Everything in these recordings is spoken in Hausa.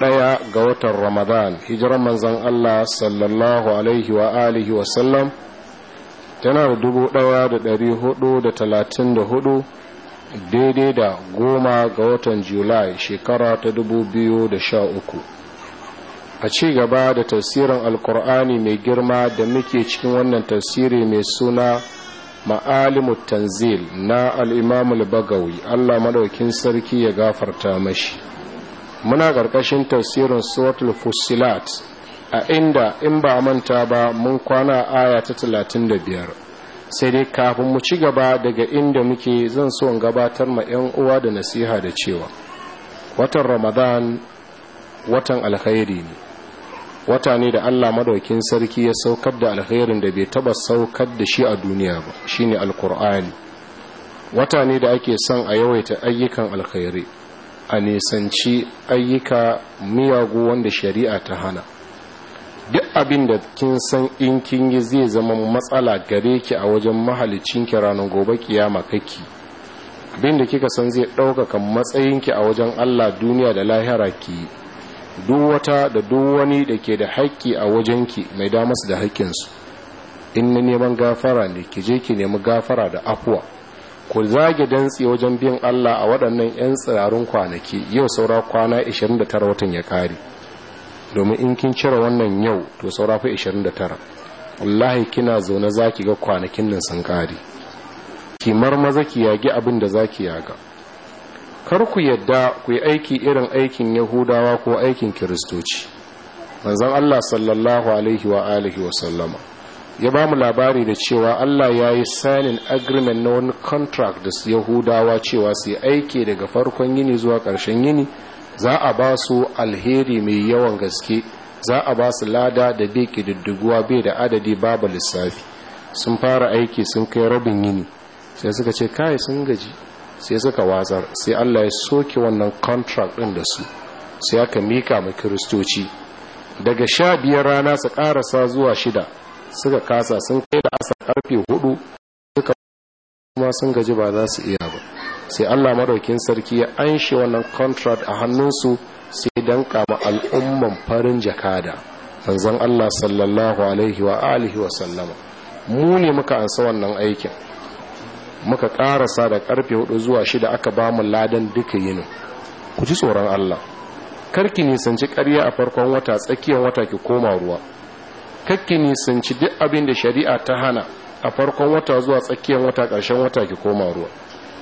ɗaya ga watan ramadan hijiran manzan allah sallallahu alaihi wa alihi sallam tana da dubu ɗaya da ɗari hudu da talatin da hudu daidai da goma ga watan julai shekara ta dubu biyu da sha uku a ci gaba da tafsirin alkur'ani mai girma da muke cikin wannan tafsiri mai suna ma'alimu tanzil na al'imamul bagawi allah maɗaukin sarki ya gafarta mashi muna ƙarƙashin tafsirin suratul fusilat a inda in ba manta ba mun kwana aya ta talatin da biyar sai dai kafin mu ci gaba daga inda muke zan so gabatar ma 'yan uwa da nasiha da cewa watan ramadan watan alkhairi ne wata ne da allah madaukin sarki ya saukar da alkhairin da bai taba saukar da shi a duniya ba shine alkur'ani wata ne da ake son a yawaita ayyukan alkhairi a nisanci ayyuka miyagu wanda shari'a ta hana duk abin da kin san in kin yi zai zama matsala gare ki a wajen mahalicin ki ranar gobe kiyama kake abin da kika san zai ɗaukaka ki a wajen Allah duniya da lahira ki duk wata da duk wani da ke da haƙƙi a wajen ki mai damas da haƙƙinsu in na neman gafara ne ki je ki nemi gafara da afuwa ku zage dantse wajen biyan Allah a waɗannan 'yan tsirarun kwanaki yau saura kwana 29 watan ya kare domin in kin cire wannan yau to saura fa 29 wallahi kina zaune zaki ga kwanakin nan sun kare kimar maza ki yagi abin da zaki yaga kar ku yadda ku yi aiki irin aikin yahudawa ko aikin kiristoci manzon Allah sallallahu alaihi wa alihi wa sallama ya ba mu labari da cewa Allah ya yi sanin agreement na wani contract da yahudawa cewa su aiki daga farkon yini zuwa ƙarshen yini za a ba su alheri mai yawan gaske za a ba su lada da da ƙididdiguwa bai da adadi babu lissafi sun fara aiki sun kai rabin yini sai suka ce kai sun gaji sai suka watsar sai Allah ya soke wannan contract ɗin da su sai aka mika mai kiristoci daga sha biyar rana su ƙarasa zuwa shida suka kasa sun kai da asar karfe hudu suka kuma sun gaji ba za su iya ba sai allah maraukin sarki ya shi wannan contract a hannunsu sai don kama al'umman farin jakada zan allah sallallahu alaihi wa alihi wa sallama mu ne muka ansa wannan aikin muka karasa da karfe hudu zuwa shida aka ba mu ladan duka yinin ku ji tsoron allah karki nisanci karya a farkon wata tsakiyar wata ki koma ruwa ki nisanci duk abin da shari'a ta hana a farkon wata zuwa tsakiyar wata ƙarshen wata ki koma ruwa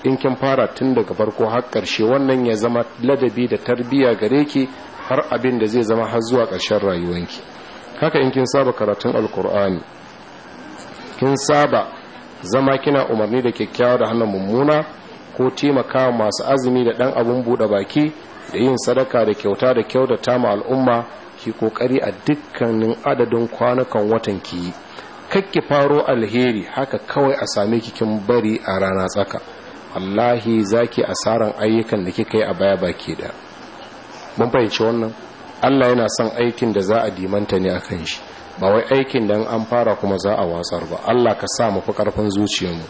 in kin fara tun daga farko har ƙarshe wannan ya zama ladabi da tarbiyya gare ki har abin da zai zama har zuwa ƙarshen rayuwanki haka in kin saba karatun alkur'ani kin saba zama kina umarni da kyakkyawa da hannun mummuna ko taimaka masu azumi da ɗan abun buɗe baki da yin sadaka da kyauta da kyau kyautata ma al'umma ki kokari a dukkanin adadin kwanukan watan ki kakki faro alheri haka kawai a same ki kin bari a rana tsaka wallahi zaki asaran ayyukan da kika yi a baya baki da mun fahimci wannan Allah yana son aikin da za a dimanta ne akan shi ba wai aikin da an fara kuma za a wasar ba Allah ka sa mu karfin zuciyarmu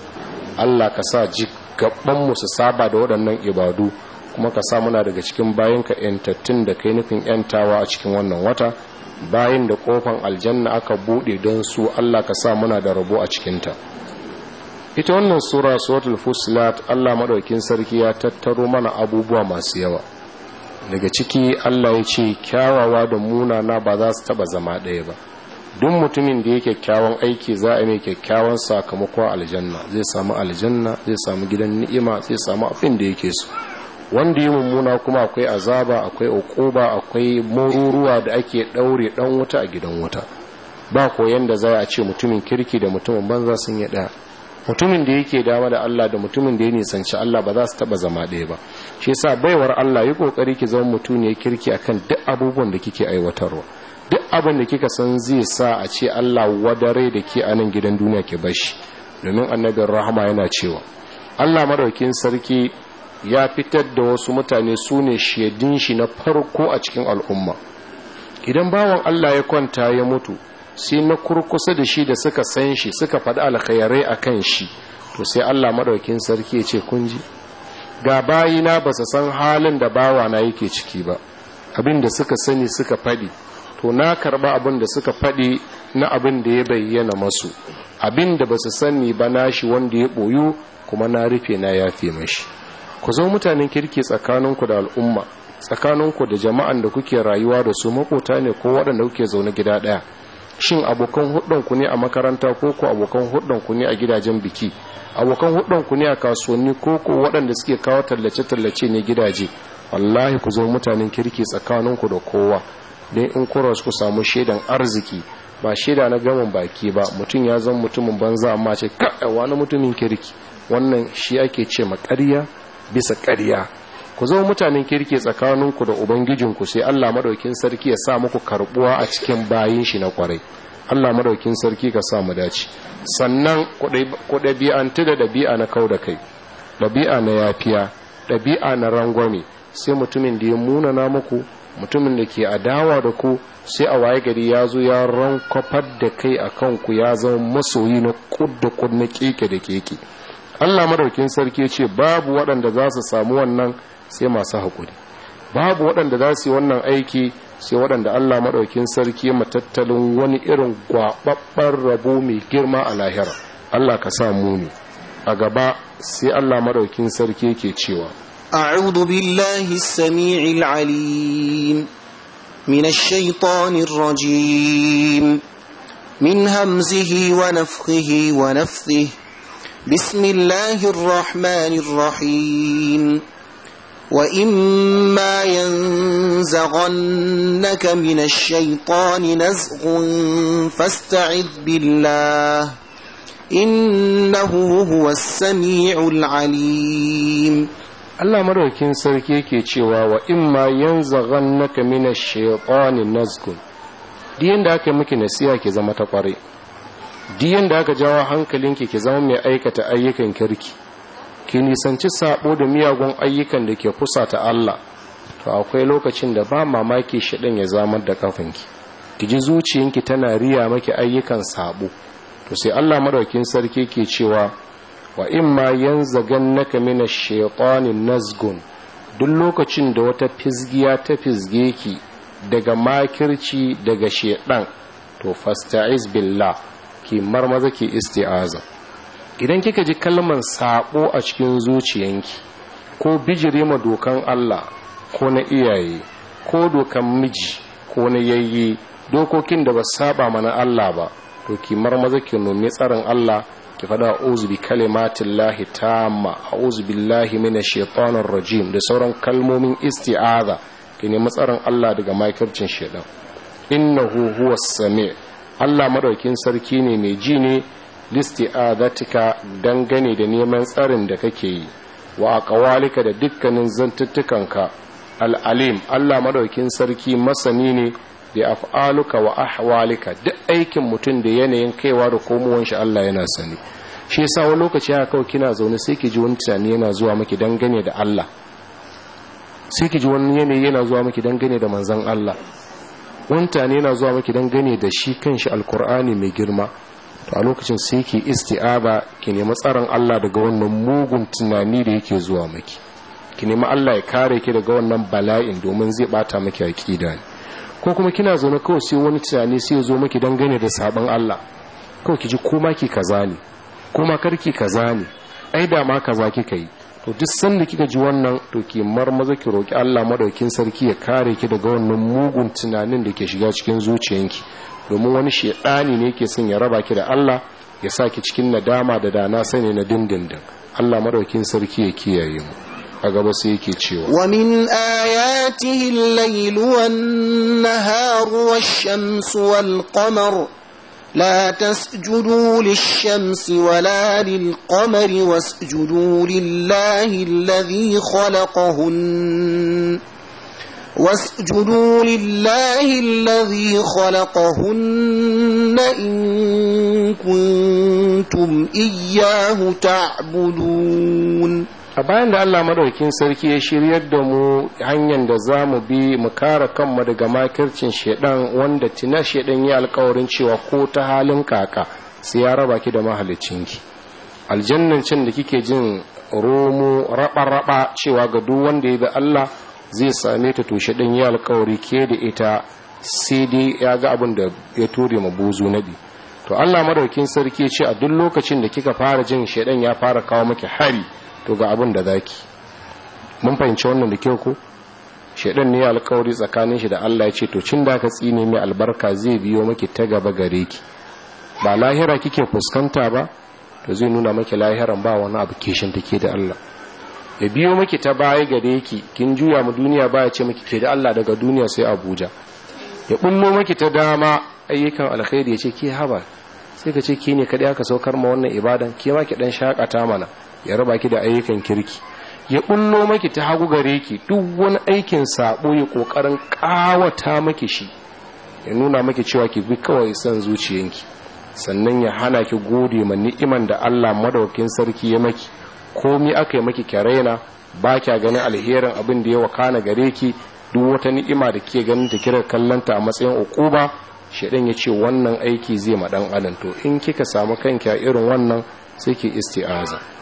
Allah ka sa jigabban mu su saba da waɗannan ibadu kuma ka sa muna daga cikin bayan ka yantattun da kai nufin yantawa a cikin wannan wata bayan da ƙofan aljanna aka buɗe don su Allah ka sa muna da rabo a cikinta ita wannan sura suratul fusilat Allah Maɗaukin sarki ya tattaro mana abubuwa masu yawa daga ciki Allah ya ce kyawawa da munana ba za su taba zama ɗaya ba duk mutumin da yake kyakkyawan aiki za a mai kyakkyawan sakamako aljanna zai samu aljanna zai samu gidan ni'ima zai samu abin da yake so wanda yi mummuna kuma akwai azaba akwai okuba akwai mururuwa da ake daure dan wuta a gidan wuta ba koyan da za a ce mutumin kirki da mutumin banza sun yi daya mutumin da yake dama da Allah da mutumin da ya nisanci Allah ba za su taba zama ɗaya ba shi yasa baiwar Allah yi kokari ki zama mutum ne kirki akan duk abubuwan da kike aiwatarwa duk abin da kika san zai sa a ce Allah wadare da ke a nan gidan duniya ke bashi domin annabin rahama yana cewa Allah madaukin sarki ya fitar da wasu mutane su ne shi na farko a cikin al'umma idan bawan Allah ya kwanta ya mutu sai na kurkusa da shi da suka san shi suka faɗi alkhairai a kan shi to sai Allah maɗaukin sarki ya ce kunji ga bayina ba su san halin da bawa na yake ciki ba abin da suka sani suka faɗi to na karɓa abin da suka faɗi na abin da ya bayyana masu abin da ba su sani ba shi wanda ya ɓoyu kuma na rufe na yafe mashi ku zo mutanen kirki tsakaninku da al'umma tsakaninku da jama'an da kuke rayuwa da su makota ne ko waɗanda kuke zaune gida ɗaya shin abokan hudunku ne a makaranta ko ku abokan hudunku ne a gidajen biki abokan hudunku ne a kasuwanni ko ku waɗanda suke kawo tallace-tallace ne gidaje wallahi ku zo mutanen kirki tsakaninku da kowa don in kura ku samu shaidan arziki ba shaida na gaman baki ba mutum ya zama mutumin banza amma ce na wani mutumin kirki wannan shi ake ce ma ƙarya bisa ƙarya ku zama mutanen kirki tsakaninku da ubangijinku sai Allah maɗaukin sarki ya sa muku karɓuwa a cikin bayin shi na kwarai Allah maɗaukin sarki ka sa mu dace sannan ku ɗabi'antu da ɗabi'a na kau da kai ɗabi'a na yafiya ɗabi'a na rangwame sai mutumin da ya munana muku mutumin da ke adawa da ku sai a waye gari ya zo ya rankwafar da kai a kanku ya zama masoyi na kud da na keke da keke Allah madaukin sarki ce babu waɗanda za su samu wannan sai masu haƙuri babu waɗanda za su yi wannan aiki sai waɗanda Allah madaukin sarki matattalin wani irin gwaɓaɓɓen rabo mai girma a lahira Allah ka sa mu ne a gaba sai Allah madaukin sarki ke cewa as-sami'il alim minash shaitanir rajim min hamzihi wa nafthihi wa nafthihi بسم الله الرحمن الرحيم وإما ينزغنك من الشيطان نزغ فاستعذ بالله إنه هو السميع العليم Allah madaukin sarki yake cewa wa imma yanzaghannaka minash shaitani nazghun diyan da aka miki nasiha ke zama ta kware duk da aka jawo hankalinki ki zama mai aikata ayyukan kirki ki nisanci sabo da miyagun ayyukan da ke kusa ta Allah to akwai lokacin da ba mamaki shidan ya zama da kafanki ki ji zuciyanki tana riya maki ayyukan sabo to sai Allah madaukin sarki ke cewa wa imma yanzagannaka mina shaytanin nazgun duk lokacin da wata fizgiya ta fizge ki daga makirci daga shedan to fasta'iz billah ki marmaza ki isti'aza idan kika ji kalman sabo a cikin zuciyanki ko bijire ma dokan Allah ko na iyaye ko dokan miji ko na yayye dokokin da ba saba mana Allah ba to ki marmaza ki nemi tsarin Allah ki fada a'udhu bi kalimatillahi tamma a'udhu billahi minash shaitanir rajim da sauran kalmomin isti'aza ki nemi tsarin Allah daga makircin shedan innahu huwas sami' Allah madaukin sarki ne mai ji ne listi'adatika dangane da neman tsarin da kake yi wa aqwalika da dukkanin zantuttukanka al-alim Allah madaukin sarki masani ne da af'aluka wa ahwalika duk aikin mutum da yanayin kaiwa da komowar shi Allah yana sani shi yasa wani lokaci haka kawai kina zaune sai ki ji wani tunani yana zuwa miki dangane da Allah sai ki ji wani yanayi yana zuwa miki dangane da manzon Allah wanta ne yana zuwa maki don gane da shi kanshi alkur'ani mai girma to a lokacin sai ke isti'aba ki nemi tsaron Allah daga wannan mugun tunani da yake zuwa maki ki nemi Allah ya kare ki daga wannan bala'in domin zai bata maki aqida ne ko kuma kina zaune kawai sai wani tunani sai ya zo maki don gane da sabon Allah kawai ki ji koma ki kaza ne koma karki kaza ne ai da ma kaza kika yi to duk sanda kika ji wannan to ki marmaza ki roki Allah madaukin sarki ya kare ki daga wannan mugun tunanin da ke shiga cikin zuciyanki domin wani shedani ne yake son ya raba ki da Allah ya saki cikin nadama da dana sani na dindindin Allah madaukin sarki ya kiyaye mu a gaba sai yake cewa wa min ayatihi al-layl wan-nahar wash-shamsu wal-qamar لا تسجدوا للشمس ولا للقمر واسجدوا لله الذي خلقهن واسجدوا لله الذي خلقهن إن كنتم إياه تعبدون a bayan da Allah maɗaukin sarki ya shiryar da mu hanyar da za mu bi mu kare kanmu daga makircin shedan wanda tina shedan ya alkawarin cewa ko ta halin kaka sai ya raba ki da mahalicinki aljannan cin da kike jin romo raba-raba cewa ga duk wanda ya bi Allah zai same ta to shedan ya alkawari ke da ita sai dai ya ga abin da ya ture ma na bi to Allah madaukin sarki ya ce a duk lokacin da kika fara jin shedan ya fara kawo maki hari to ga abin da zaki mun fahimci wannan da kyau ko shaidan ne alkawari tsakanin shi da Allah ya ce to cin da ka tsine mai albarka zai biyo maki ta gaba gare ki ba lahira kike fuskanta ba to zai nuna maki lahiran ba wani abu shin take da Allah ya biyo maki ta baya gare ki kin juya mu duniya ba ya ce maki ke da Allah daga duniya sai Abuja ya bullo maki ta dama ayyukan alkhairi ya ce ke haba sai ka ce ke ne kadai aka saukar ma wannan ibadan ke ma ki dan shakata mana ya raba ki da ayyukan kirki ya bullo maki ta hagu gare ki duk wani aikin sabo ya kokarin kawata maki shi ya nuna maki cewa ki bi kawai san zuciyanki sannan ya hana ki gode ma ni'iman da Allah madaukakin sarki ya maki komi aka yi maki kyarena ba kya ganin alherin abin da ya wakana gare ki duk wata ni'ima da kike ganin ta kira kallanta a matsayin ukuba shedan ya ce wannan aiki zai ma dan adam to in kika samu kanki a irin wannan sai ki isti'aza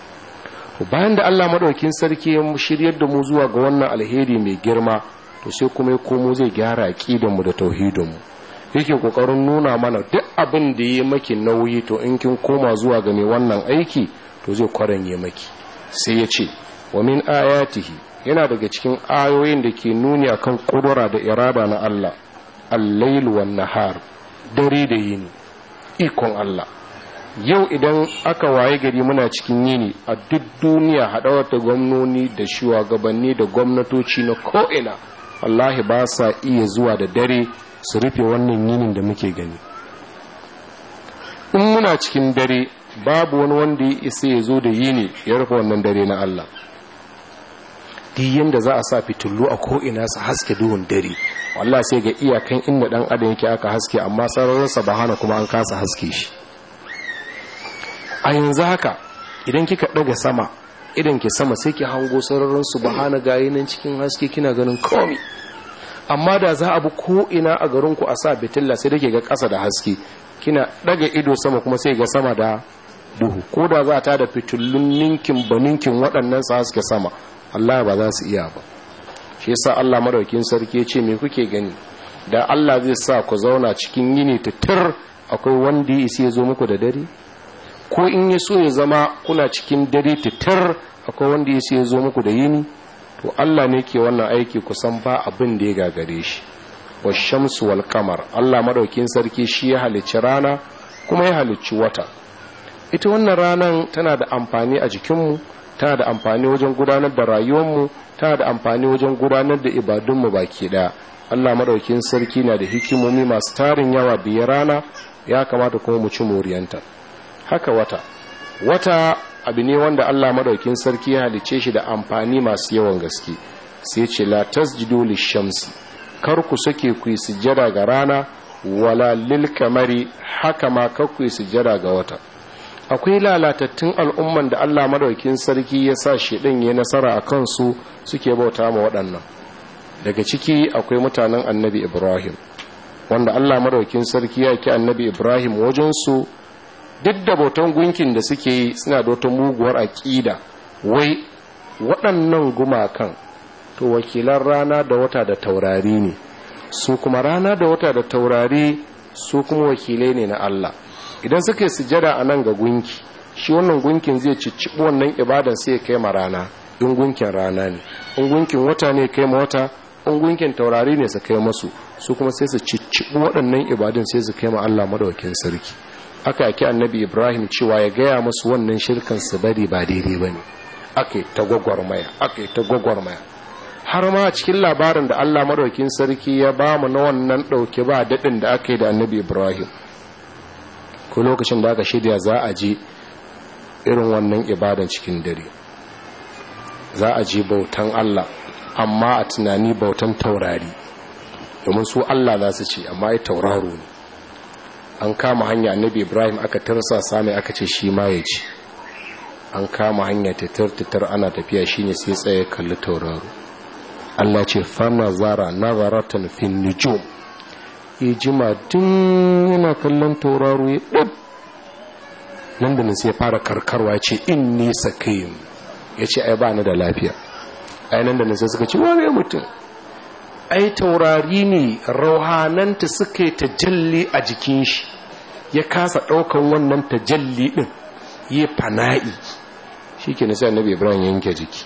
bayan da Allah madaukin sarki ya shiryar da mu zuwa ga wannan alheri mai girma to sai kuma ya komo zai gyara aqidan mu da tauhidin mu yake kokarin nuna mana duk abin da ya maki nauyi to in kin koma zuwa ga mai wannan aiki to zai kwaran ya maki sai ya ce wa min ayatihi yana daga cikin ayoyin da ke nuni akan kudura da irada na Allah al-lail wan nahar dare da yini ikon Allah yau idan aka waye gari muna cikin yini a duk duniya haɗawar da gwamnoni da shugabanni da gwamnatoci na ko'ina wallahi ba sa iya zuwa da dare su rufe wannan yinin da muke gani in muna cikin dare babu wani wanda ya isa ya zo da yini ya rufe wannan dare na Allah duk yadda za a sa fitullu a ko'ina su haske duhun dare wallah sai ga iyakan inda ɗan adam yake aka haske amma sararinsa ba hana kuma an kasa haske shi a yanzu haka idan kika daga sama idan ki sama sai ki hango sararin subhana gayi nan cikin haske kina ganin komi amma da za a bi ko ina a garin ku a sa bitilla sai dake ga kasa da haske kina daga ido sama kuma sai ga sama da duhu ko da za ta da fitullun ninkin baninkin waɗannan sa haske sama Allah ba za su iya ba shi yasa Allah madaukin sarki ce me kuke gani da Allah zai sa ku zauna cikin yini tutur akwai wanda ya isi ya zo muku da dare ko in ya so ya zama kuna cikin dare titir akwai wanda ya sai ya zo muku da yini to Allah ne ke wannan aiki kusan ba abin da ya gagare shi shamsu wal kamar Allah Maɗaukin sarki shi ya halicci rana kuma ya halicci wata ita wannan ranan tana da amfani a jikinmu tana da amfani wajen gudanar da rayuwarmu tana da amfani wajen gudanar da ibadunmu baki daya Allah Maɗaukin sarki na da hikimomi masu tarin yawa biye rana ya kamata kuma mu ci moriyanta haka wata wata abu ne wanda Allah madaukin sarki ya halice shi da amfani masu yawan gaske sai ce la tasjudu lishamsi kar ku sake ku yi sujjada ga rana wala lil kamari haka ma kar ku yi sujjada ga wata akwai lalatattun al'umman da Allah madaukin sarki ya sa shi din ya nasara a kansu suke bauta ma waɗannan daga ciki akwai mutanen annabi Ibrahim wanda Allah madaukin sarki ya ki annabi Ibrahim wajen su duk da bautan gunkin da suke yi suna da wata muguwar aƙida wai waɗannan gumakan to wakilan rana da wata da taurari ne su kuma rana da wata da taurari su kuma wakilai ne na Allah idan suka yi sujada a nan ga gunki shi wannan gunkin zai cicciɓi wannan ibadan sai ya kai ma rana in gunkin rana ne in gunkin wata ne kai ma wata in gunkin taurari ne su kai masu su kuma sai su cicciɓi waɗannan ibadun sai su kai ma Allah madawakin sarki aka yaki annabi ibrahim cewa ya gaya musu wannan shirkan su bari ba daidai ba ne aka yi ta gwagwarmaya aka yi ta gwagwarmaya har ma cikin labarin da allah maɗaukin sarki ya ba mu na wannan ɗauke ba daɗin da aka yi da annabi ibrahim ko lokacin da aka shirya za a je irin wannan ibadan cikin dare za a je bautan allah amma a tunani bautan taurari domin su allah za su ce amma ya tauraro ne an kama hanya annabi ibrahim aka tarsa sami aka ce shi ma ya ci an kama hanya titar-titar ana tafiya shi shine sai tsaye kalli tauraro allah ce fana zara na zaratan fin nujum jima tun yana kallon tauraro ya ɗab nan da nan sai fara karkarwa ce in nisa kayin ya ce ai ba ni da lafiya ai nan da nan sai suka ce wane mutum ai taurari ne rauhananta suke tajalli a jikin shi ya kasa ɗaukan wannan tajalli ɗin ya fana'i shi ke nasa annabi ibrahim yanke jiki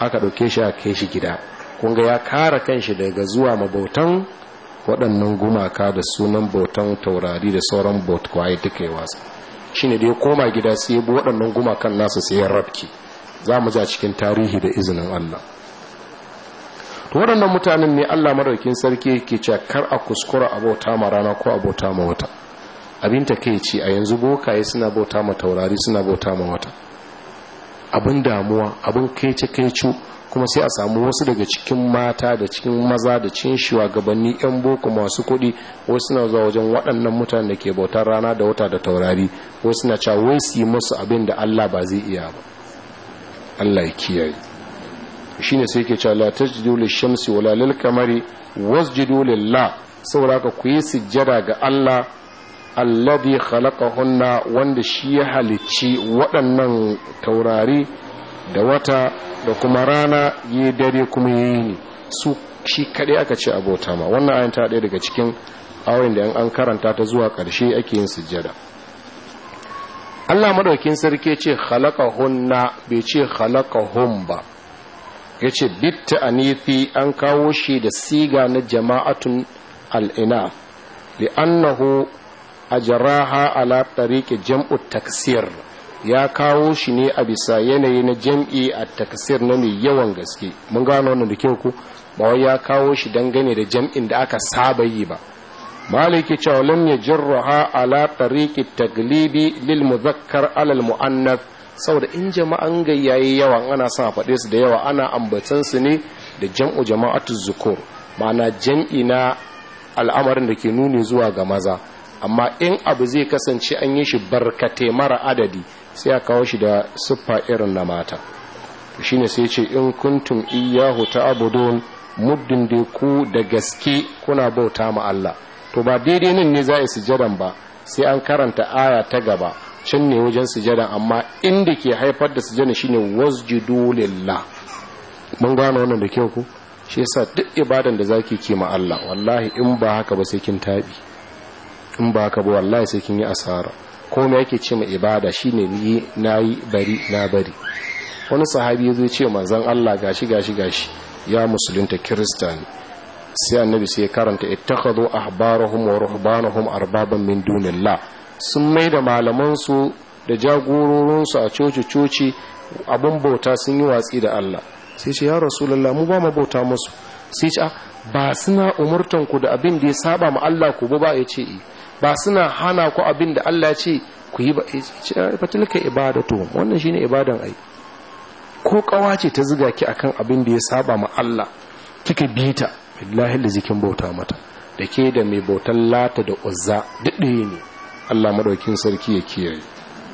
aka ɗauke shi a kai shi gida kunga ya kara kan shi daga zuwa mabautan waɗannan gumaka da sunan bautan taurari da sauran baut kwaye duka yi wasa shi ne da ya koma gida sai ya bi waɗannan gumakan nasu sai ya rabki. za mu za cikin tarihi da izinin allah waɗannan mutanen ne Allah madaukin sarki ke cewa kar a kuskura abota ma rana ko abota ma wata abin ta kai ce a yanzu bokaye suna bauta ma taurari suna bauta ma wata abin damuwa abin kai ce kai cu kuma sai a samu wasu daga cikin mata da cikin maza da cikin shugabanni yan boko masu kuɗi wasu suna zuwa wajen waɗannan mutanen da ke bautar rana da wata da taurari wasu suna cewa wai su yi musu abin da Allah ba zai iya ba Allah ya kiyaye ne sai ke cewa la tajdu shamsi wala lil wasu wasjudu la saboda ka ku yi sujjada ga Allah alladhi hunna wanda shi ya halicci waɗannan taurari da wata da kuma rana yi dare kuma yi ne su shi kaɗai aka ce abota ma wannan ayin ta ɗaya daga cikin awon da an karanta ta zuwa ƙarshe ake yin sujjada Allah madaukin sarki ce hunna bai ce khalaqahum ba ya ce bitta a nifi an kawo shi da siga na jama'atun al'ina li'annahu a jaraha ala ɗariƙe jam'u taksir ya kawo shi ne a bisa yanayi na jam'i a taksir na mai yawan gaske mun gano wannan da kyau ku ba wai ya kawo shi dangane da jam'in da aka saba yi ba maliki cewa lam ha ala tariqi taglibi lil muzakkar alal muannath saboda in jama'an gayyaye yawa ana son a faɗe su da yawa ana ambatan su ne da jam'u jama'atu zukur ma'ana jam'i na al'amarin da ke nuni zuwa ga maza amma in abu zai kasance an yi shi barkate mara adadi sai a kawo shi da siffa irin na mata shi ne sai ce in kuntum ta abudun muddin da ku da gaske kuna bauta ma Allah to ba daidai nan ne za a yi sujadan ba sai an karanta aya ta gaba can ne wajen sujada amma inda ke haifar da sujada shine wasjudu lillah mun gano wannan da kyau ko shi yasa duk ibadan da zaki ke ma Allah wallahi in ba haka ba sai kin tabi in ba haka ba wallahi sai kin yi asara ko me yake ce ma ibada shine ni nayi bari na bari wani sahabi zai ce manzon Allah gashi gashi gashi ya musulunta kirista ne sai annabi sai ya karanta ittakhadhu ahbarahum wa ruhbanahum arbaban min dunillah sun mai da malamansu da jagororinsu a coci-coci abin bauta sun yi watsi da Allah sai ce ya rasulallah mu ba mu bauta musu sai ce ah, ba suna umurtanku da abin da ya saba ma Allah ku ba ya ce eh, ba suna hana ku abin da Allah ce ku yi ba ya ce ah, ibadatu wannan shine ibadan ai ko kawa ce ta ziga ki akan abin da ya saba ma Allah kika bi ta billahi da zikin bauta mata da ke da mai bautan lata da uzza duk ne Allah madaukin sarki ya kiyaye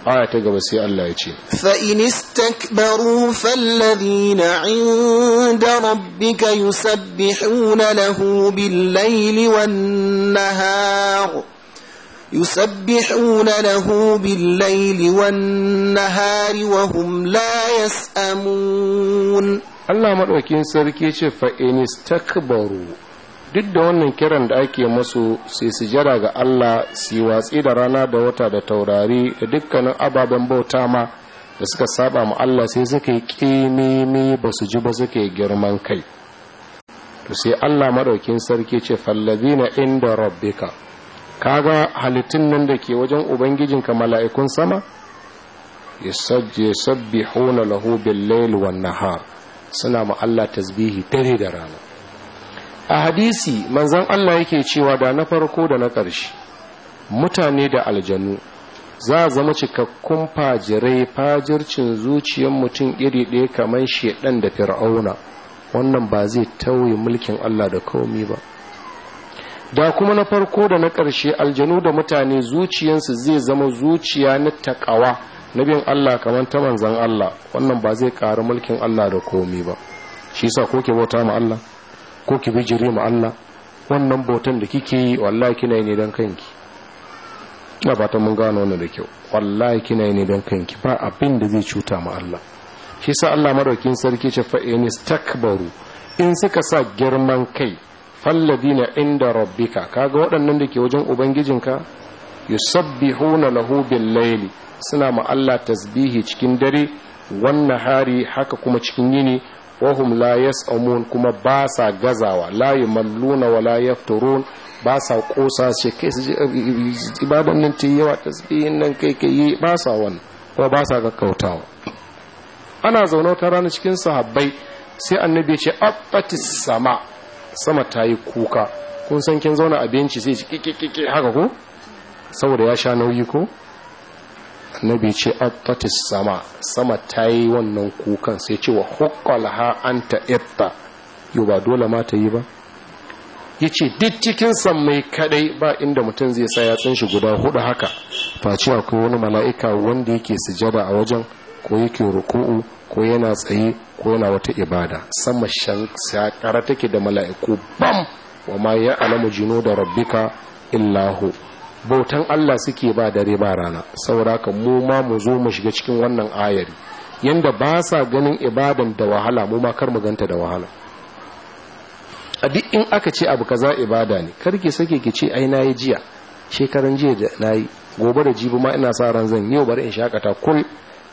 aya ta gaba sai Allah ya ce fa in istakbaru falladhina 'inda rabbika yusabbihuna lahu bil-laili wan-nahar يسبحون له بالليل والنهار وهم لا يسأمون الله مدوكين سركي ce fa istakbaru duk da wannan kiran da ake masu sai sujada ga Allah su yi watsi da rana da wata da taurari da dukkanin ababen bauta ma da suka saba mu Allah sai suka yi ƙimimi ba su ji ba suka yi girman kai to sai Allah madaukin sarki ce fallazina inda rabbika kaga halittun nan da ke wajen ubangijinka mala'ikun sama yasabbihuna lahu bil-layli wan-nahar suna mu Allah tasbihi dare da rana a hadisi manzan Allah yake cewa da na farko da na ƙarshe mutane da aljanu za a zama cikakkun fajirai fajircin zuciyar mutum iri ɗaya kamar shedan da fir'auna wannan ba zai tauye mulkin Allah da komi ba da kuma na farko da na ƙarshe aljanu da mutane zuciyarsu zai zama zuciya na taƙawa, na bin Allah kamar ta manzan Allah wannan ba zai ƙari mulkin Allah da komi ba shi sa ko bauta ma Allah ko ki bijire ma Allah wannan botan da kike yi wallahi kina yi ne dan kanki ba fata mun gano wannan da kyau wallahi kina yi ne dan kanki ba abin da zai cuta ma Allah shi sa Allah madaukin sarki ce fa in istakbaru in suka sa girman kai falladina inda rabbika kaga waɗannan da ke wajen ubangijinka yusabbihuna lahu bil layli suna ma Allah tasbihi cikin dare wannan hari haka kuma cikin yini wahum la yas'amun kuma ba sa gazawa la yamluna wa la yafturun ba sa kosa ce kai su ibadan nan ta yawa tasbihin nan kai kai yi ba sa wani kuma ba sa kakkautawa ana zaune ta rana cikin sahabbai sai annabi ce abbatis sama sama ta yi kuka kun san kin zauna a benci sai ci ki haka ko saboda ya sha nauyi ko annabi ce attatis sama sama ta yi wannan kukan sai ce wa hukwalha an ta itta yau ba dole ma ta yi ba ya ce duk cikin sammai kadai ba inda mutum zai sa yatsun shi guda hudu haka face akwai wani mala'ika wanda yake sujada a wajen ko yake ruku'u ko yana tsaye ko yana wata ibada sama shan sakara take da mala'iku bam wa ma ya alamu jino da rabbika illahu bautan Allah suke ba dare ba rana sauraka mu ma mu zo mu shiga cikin wannan ayari yanda ba sa ganin ibadan da wahala mu ma kar mu ganta da wahala a duk in aka ce abu kaza ibada ne kar ki sake ki ce aina nayi jiya shekaran jiya da nayi gobe da jibi ma ina sa ran zan yau bari in shakata kul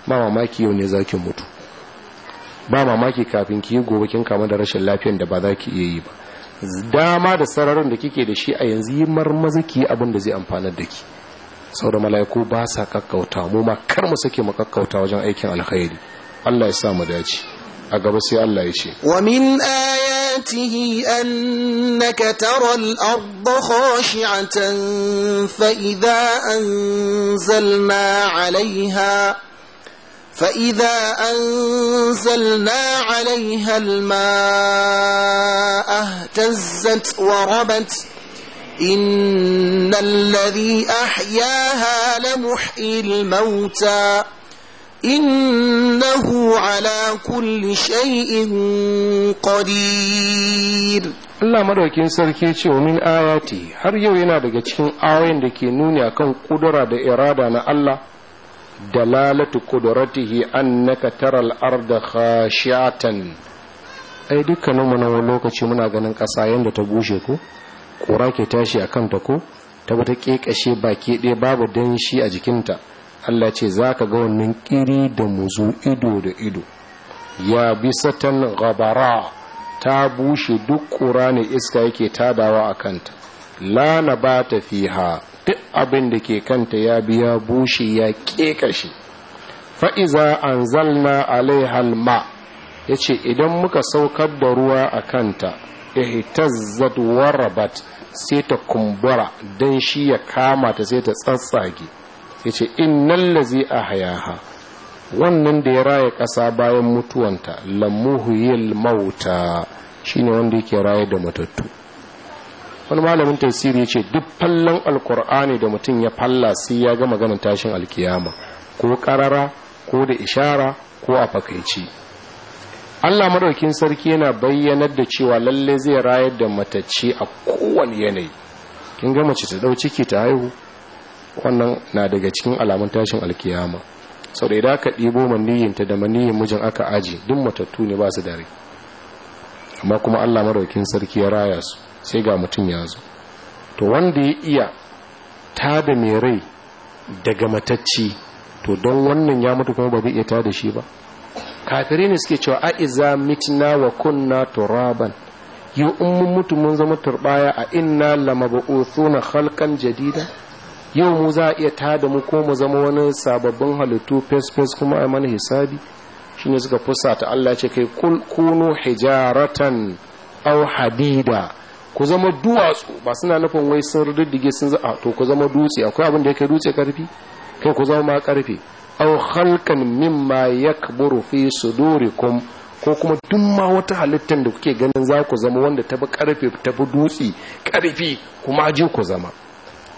ba mamaki yau ne zaki mutu ba mamaki kafin ki yi gobe kin kama da rashin lafiyan da ba za ki iya yi ba dama da sararin da kike da shi a yanzu yi marmaziki abin da zai amfanar da ke. sau da mala'iku ba sa kakkauta mu ma kar mu sake mu kakkauta wajen aikin alkhairi Allah ya sa mu dace a gaba sai Allah ya ce wa min آياته أنك ترى الأرض خاشعة an zalma alaiha. فإذا أنزلنا عليها الماء اهتزت وربت إن الذي أحياها لمحيي الموتى إنه على كل شيء قدير Allah madaukin sarki ce wa min ayati har yau yana daga cikin ayoyin da ke nuni akan kudura da irada na Allah Da dalalatu qudratihi naka taral arda khashiatan ai dukkaninmu na wani lokaci muna ganin ƙasa yadda ta bushe ko ƙura ke tashi a kanta ko ta wata ƙeƙashe baki ɗaya babu danshi a jikinta Allah ce za ka ga wannan ƙiri da muzu ido da ido ya bisatan gabara ta bushe duk ƙura ne iska yake tadawa a kanta la ba ta fiha duk abin da ke kanta ya biya bushe ya ƙeƙashe fa'iza an zalna alai ma ya ce idan muka saukar da ruwa a kanta ya ihtazzat warabat sai ta kumbura don shi ya kama ta sai ta tsatsage ya ce innan lazi a hayaha wannan da ya raya ƙasa bayan mutuwanta lamuhu lamuhuyil mauta shine wanda yake raye da matattu wani malamin tasiri ce duk fallon alkur'ani da mutum ya falla sai ya ga maganin tashin alkiyama ko karara ko da ishara ko a fakaici Allah madaukin sarki yana bayyanar da cewa lalle zai rayar da matacce a kowane yanayi kin ga mace ta dau ciki ta haihu wannan na daga cikin alamun tashin alkiyama sau da idan aka ɗibo maniyyinta da maniyin mijin aka aji duk matattu ne ba su dare amma kuma Allah madaukin sarki ya raya su sai ga mutum ya zo to wanda ya iya ta da mai rai daga matacci to don wannan ya mutu kuma ba zai iya ta da shi ba kafiri ne suke cewa a iza mitina wa kunna turaban yau in mun mutu mun zama turbaya a inna na halkan jadida yau mu za a iya tada mu ko mu zama wani sababbin halittu fes-fes kuma a mana hisabi shi ne suka fusa ta Allah ce kai kunu hijaratan au hadida ku zama duwatsu ba suna nufin wai sun riddige sun za to ku zama dutse akwai abin da yake dutse karfi kai ku zama ma karfi aw khalqan mimma yakburu fi sudurikum ko kuma duk ma wata halittar da kuke ganin za ku zama wanda ta bi karfe ta bi dutse karfi kuma je ku zama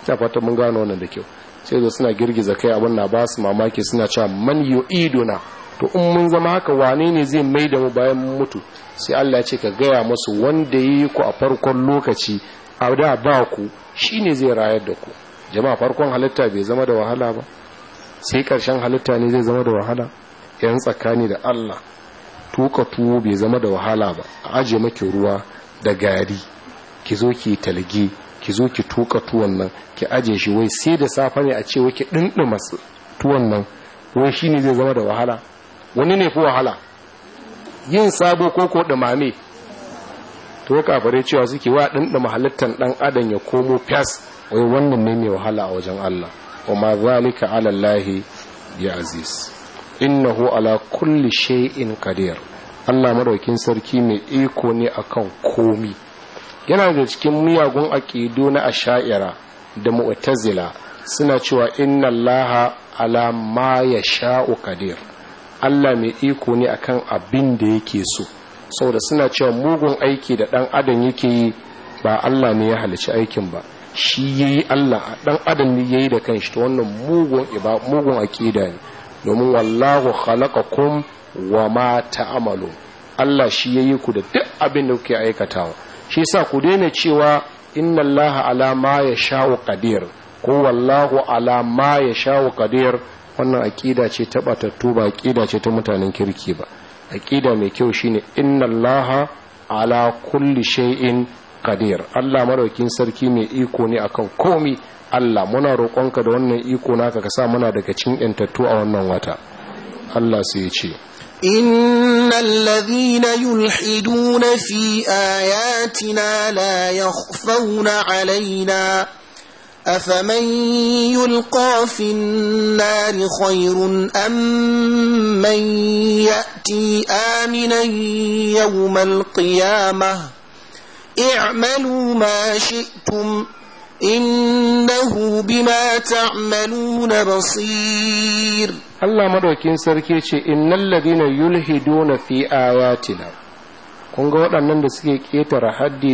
ta fata mun gano wannan da kyau sai zo suna girgiza kai abin na ba su mamaki suna cewa man yu'iduna to in mun zama haka wane ne zai mai da mu bayan mutu sai Allah ce ka gaya masu wanda yi ku a farkon lokaci a da ba ku shine zai rayar da ku jama'a farkon halitta bai zama da wahala ba sai karshen halitta ne zai zama da wahala yan tsakani da Allah tuka tuwo bai zama da wahala ba a aje maki ruwa da gari ki zo ki talge ki zo ki tuka tuwon nan ki aje shi wai sai da safe ne a ce wai ki dindima tuwon nan wai shine zai zama da wahala wani ne fi wahala yin sabo ko ko dumame to kafare cewa suke wa dan da ɗan dan adam ya komo fas wai wannan ne mai wahala a wajen Allah wa ma zalika ala Allah ya aziz innahu ala kulli shay'in qadir Allah madaukin sarki mai iko ne akan komi yana da cikin miyagun aqidu na asha'ira da mu'tazila suna cewa inna Allah ala ma yasha'u qadir Allah mai iko ne akan abin da yake so saboda suna cewa mugun aiki da dan adam yake yi ba Allah ne ya halici aikin ba shi yayi Allah dan adam ne yayi da kanshi to wannan mugun iba mugun akida ne domin wallahu khalaqakum wa ma amalo Allah shi yayi ku da duk abin da kuke aikatawa shi yasa ku daina cewa inna Allah ala ma yasha'u qadir ko wallahu ala ma yasha'u qadir wannan aƙida ce ta batattu ba aƙida ce ta mutanen kirki ba aƙida mai kyau shine inna allaha ala kulli shay'in qadir Allah maraukin sarki mai iko ne akan komi Allah muna roƙonka da wannan iko naka ka sa muna daga cikin yantattu a wannan wata Allah sai ya ce إن الذين يلحدون في آياتنا ya fauna alaina. أفمن يلقى في النار خير أم من يأتي آمنا يوم القيامة اعملوا ما شئتم إنه بما تعملون بصير الله مدوكين سركيشي إن الذين يلهدون في آياتنا kun ga waɗannan da suke ƙetare haddi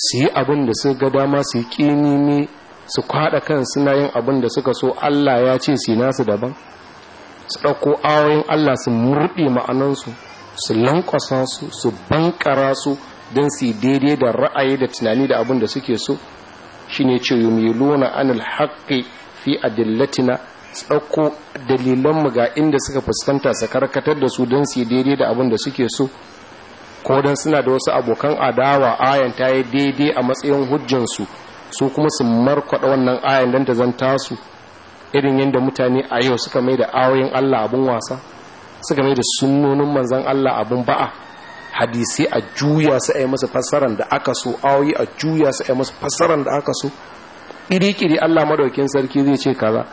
su yi abin da su ga dama su yi ne su kwaɗa kan suna yin abin da suka so Allah ya ce su nasu daban su ɗauko awoyin Allah su murɗe ma'anansu su lankwasa su su bankara su don su daidai da ra'ayi da tunani da abin da suke so shi shine ce yumiluna an alhaƙi fi adillatina su ɗauko dalilanmu ga inda suka fuskanta su karkatar da su don su daidai da abin da suke so ko don suna da wasu abokan adawa ayan ta yi daidai a matsayin hujjansu su kuma su markwada wannan ayan don ta zanta su irin yadda mutane a yau suka mai da ayoyin Allah abin wasa suka mai da sunonin manzan Allah abin ba'a hadisi a juya su a yi masu fassaran da aka so ayoyi a juya su a yi masu fassaran da aka so ƙiri-ƙiri Allah madaukin sarki zai ce kaza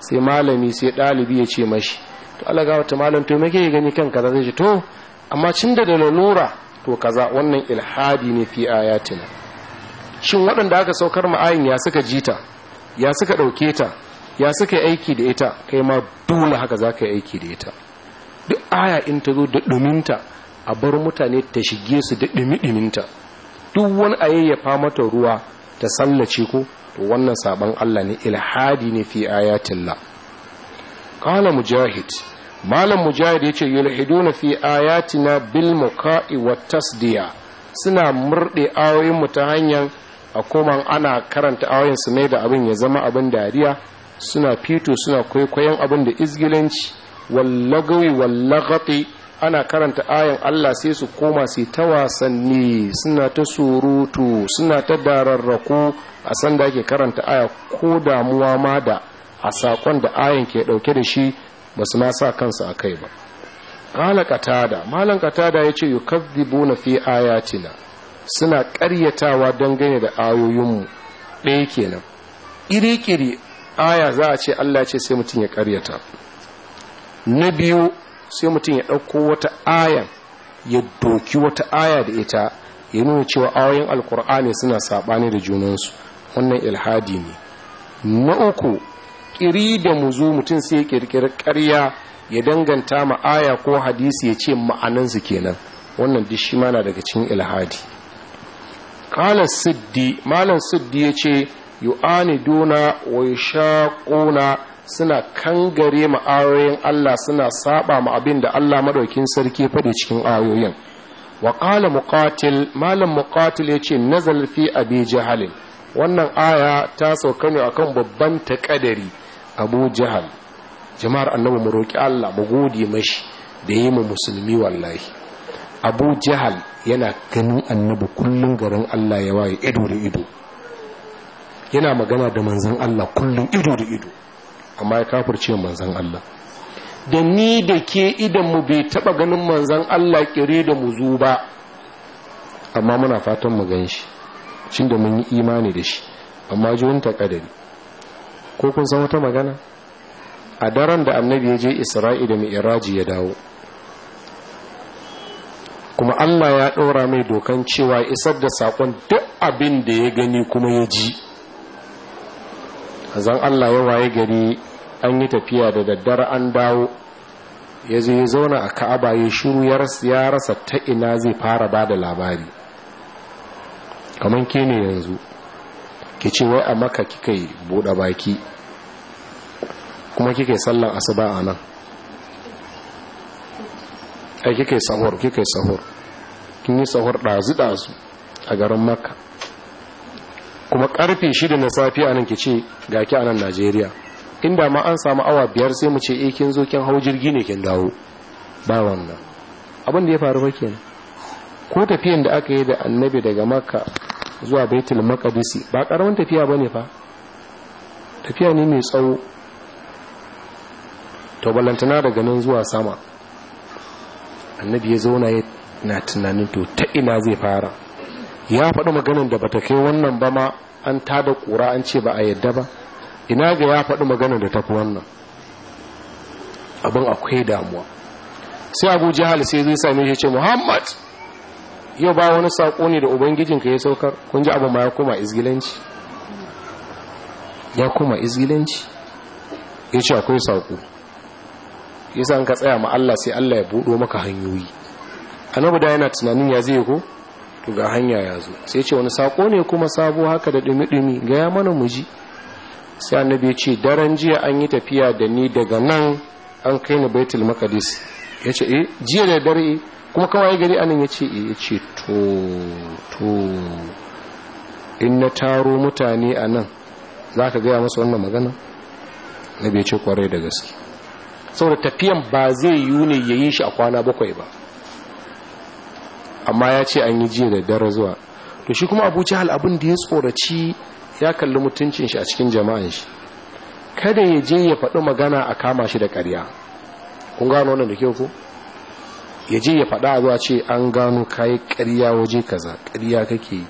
sai malami sai ɗalibi ya ce mashi to Allah ga wata malam to me gani kan kaza zai ce to amma cin da da lalura to kaza wannan ilhadi ne fi ayatina shin waɗanda aka saukar ma'ayin ya suka jita ya suka ɗauke ta ya suka aiki da ita kai ma dole haka za ka yi aiki da ita duk aya in ta zo da ɗuminta a bar mutane ta shige su da ɗumi-ɗuminta duk wani a yayyafa mata ruwa ta sallace ko to wannan sabon Allah ne ilhadi ne fi la qala mujahid malam mujahid yace yulhiduna fi ayatina bil muka'i wat tasdiya suna murde ayoyin mu ta hanyar a koman ana karanta ayoyin su mai da abin ya zama abin dariya suna fito suna kwaikwayon abin da izgilanci wallagawi wallagati ana karanta ayan Allah sai su koma su ta wasanni suna ta surutu suna ta dararraku a sanda ake karanta aya ko damuwa ma da a sakon da ayan ke dauke da shi ba su nasa kansu a kai ba ƙala ƙatada. malan ƙatada ya ce yukazzibu na fi ayatina suna ƙaryatawa dangane da ayoyinmu ɗaya kenan ƙiri-ƙiri aya za a ce allah ce sai mutum ya ƙaryata na biyu sai mutum ya ɗauko wata aya ya doki wata aya da ita ya nuna cewa ayoyin alkur'ani suna saɓani da junansu wannan ilhadi ne na uku kiri da mu zo mutum sai ya kirkiri ƙarya ya danganta ma aya ko hadisi ya ce ma'anansu kenan wannan duk shi mana daga cikin ilhadi kala siddi malam siddi yace yu'aniduna wa yashaquna suna kangare ma ayoyin Allah suna saba ma abin da Allah madaukin sarki faɗi cikin ayoyin wa qala muqatil malam muqatil yace nazal fi abi jahalin wannan aya ta sauka ne akan babban kadari abu jahal jama'ar annabi mu roki Allah mu gode mashi da yi mu musulmi wallahi abu jahal yana ganin annabi kullun garin Allah ya waye ido da ido yana magana da manzan Allah kullum ido da ido amma ya kafirce manzan Allah da ni da ke idan mu bai taba ganin manzon Allah kire da mu zu ba amma muna fatan mu gan shi shi da mun yi imani da shi amma ta kadari ko kun san wata magana a daren da annabi ya je isra'i da mi'raji ya dawo kuma allah ya ɗora mai dokan cewa isar da saƙon duk abin da ya gani kuma ya ji zan allah ya waye gari an yi tafiya da daddare an dawo ya zai zauna a ka'aba ya shiru ya rasa ta ina zai fara ba da labari kamar ke ne yanzu ke ce wai a maka kika yi bude baki kuma kika yi sallan asuba a nan ai kika yi sahur kika yi sahur kin yi sahur ɗazu-ɗazu a garin maka. kuma karfe shida na safiya nan ke ce ga ki a nan najeriya inda ma an samu awa biyar sai mu ce eh kin zo kin hau jirgi ne kin dawo ba wannan abin da ya faru ba kenan ko tafiyan da aka yi da annabi daga maka zuwa baitul maqdisi ba karamin tafiya bane fa tafiya ne mai tsawo to ballantana daga nan zuwa sama annabi ya zauna ya na tunanin to ta ina zai fara ya faɗi maganin da bata kai wannan ba ma an da kura an ce ba a yadda ba ina ga ya faɗi maganin da tafi wannan abin akwai damuwa sai abu jihar sai zai same shi ce muhammad yau ba wani saƙo ne da ubangijinka ya saukar kun ji abu ma ya koma izgilanci ya koma izgilanci ya ce akwai saƙo ya sa ka tsaya ma Allah sai Allah ya buɗo maka hanyoyi annabi da yana tunanin ya zai ko to ga hanya ya zo sai ce wani saƙo ne kuma sabo haka da ɗumi-ɗumi ga ya mana muji sai annabi ya ce daren jiya an yi tafiya da ni daga nan an kai ni baitul maqdis ya ce eh jiya da dare eh. kuma kawai gari anan ya ce eh, ya ce to to in na taro mutane a nan za ka gaya masu wannan magana na bai ce kwarai da gaske saboda tafiyan ba zai yi ne ya yi shi a kwana bakwai ba amma ya ce an yi jiya da dare zuwa to shi kuma abu jihal abin da ya tsoraci ya kalli mutuncin shi a cikin jama'an shi kada ya je ya faɗi magana a kama shi da ƙarya kun gano wannan da kyau ko ya je ya faɗa zuwa ce an gano kayi ƙarya waje kaza ƙarya kake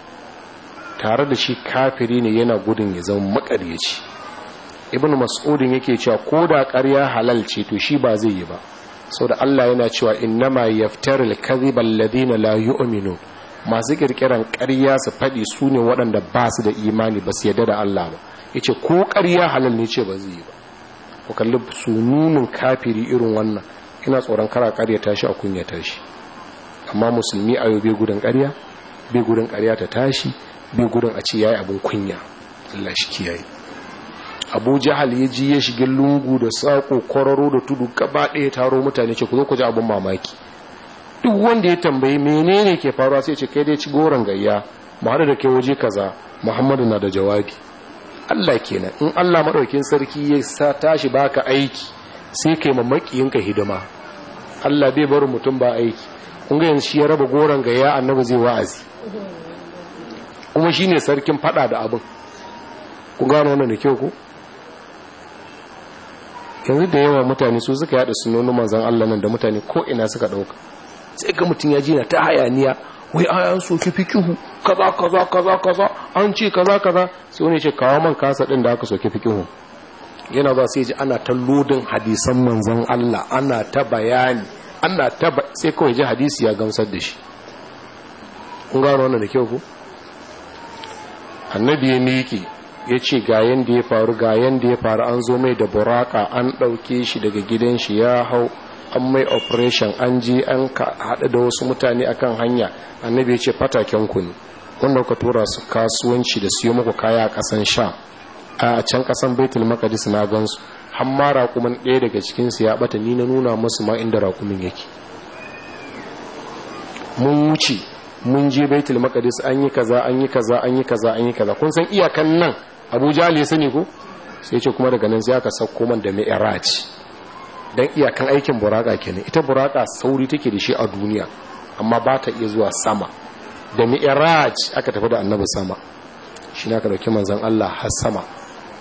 tare da shi kafiri ne yana gudun ya zama makaryaci ibn mas'udin yake cewa ko da ƙarya halal ce to shi ba zai yi ba sau da Allah yana cewa innama yaftaril alkaziba Ladina layu Aminu masu kirkiran ƙarya su faɗi su ne waɗanda ba su da imani ba su yarda da Allah ba yace ko ƙarya halal ne ce ba zai yi ba ku kalli su nunin kafiri irin wannan ina tsoron kara karya tashi a kunya tashi amma musulmi a yau bai gudun karya bai gudun karya ta tashi bai gudun a ce yayi abin kunya Allah shi kiyaye Abu Jahal ya ji ya shige lungu da sako kwararo da tudu gaba ɗaya taro mutane ce ku zo ku ji abin mamaki duk wanda ya tambayi menene ke faruwa sai ce kai dai ci goron gayya mu haɗu da ke waje kaza Muhammadu na da jawabi Allah kenan in Allah maɗaukin sarki ya sa tashi baka aiki sai kai ma makiyinka hidima Allah bai bar mutum ba aiki kun ga shi ya raba goron ga ya annabi zai wa'azi kuma shine sarkin fada da abin Ku gano wannan da kyau ko yanzu da yawa mutane su suka yada sunonin manzon Allah nan da mutane ko ina suka dauka sai ga mutum ya ji na ta hayaniya wai soke soki fikihu kaza kaza kaza kaza an ce kaza kaza sai wani ce kawo man kasa din da aka soki fikihu yana ba sai ji ana ta lodin hadisan manzon Allah ana ta bayani ana ta sai kawai ji hadisi ya gamsar da shi kun gano wannan da kyau ku annabi ya miƙe ya ce ga yanda ya faru ga yanda ya faru an zo mai da buraka an ɗauke shi daga gidan shi ya hau an mai operation an ji an haɗu da wasu mutane akan hanya annabi ya ce fataken ku ne wanda ka tura su kasuwanci da siyo muku kaya a kasan sha a can kasan baitul makadis na gansu amma raƙumin ɗaya daga cikinsu ya ɓata ni na nuna masu ma inda raƙumin yake mun wuce mun je baitul makadis an yi kaza an yi kaza an yi kaza an yi kaza kun san iyakan nan abuja ne sani ko sai ce kuma daga nan sai aka sauko man da mi'raj dan iyakan aikin buraka kenan ita buraka sauri take da shi a duniya amma ba ta iya zuwa sama da mi'raj aka tafi da annabi sama shi ne aka dauki manzon Allah har sama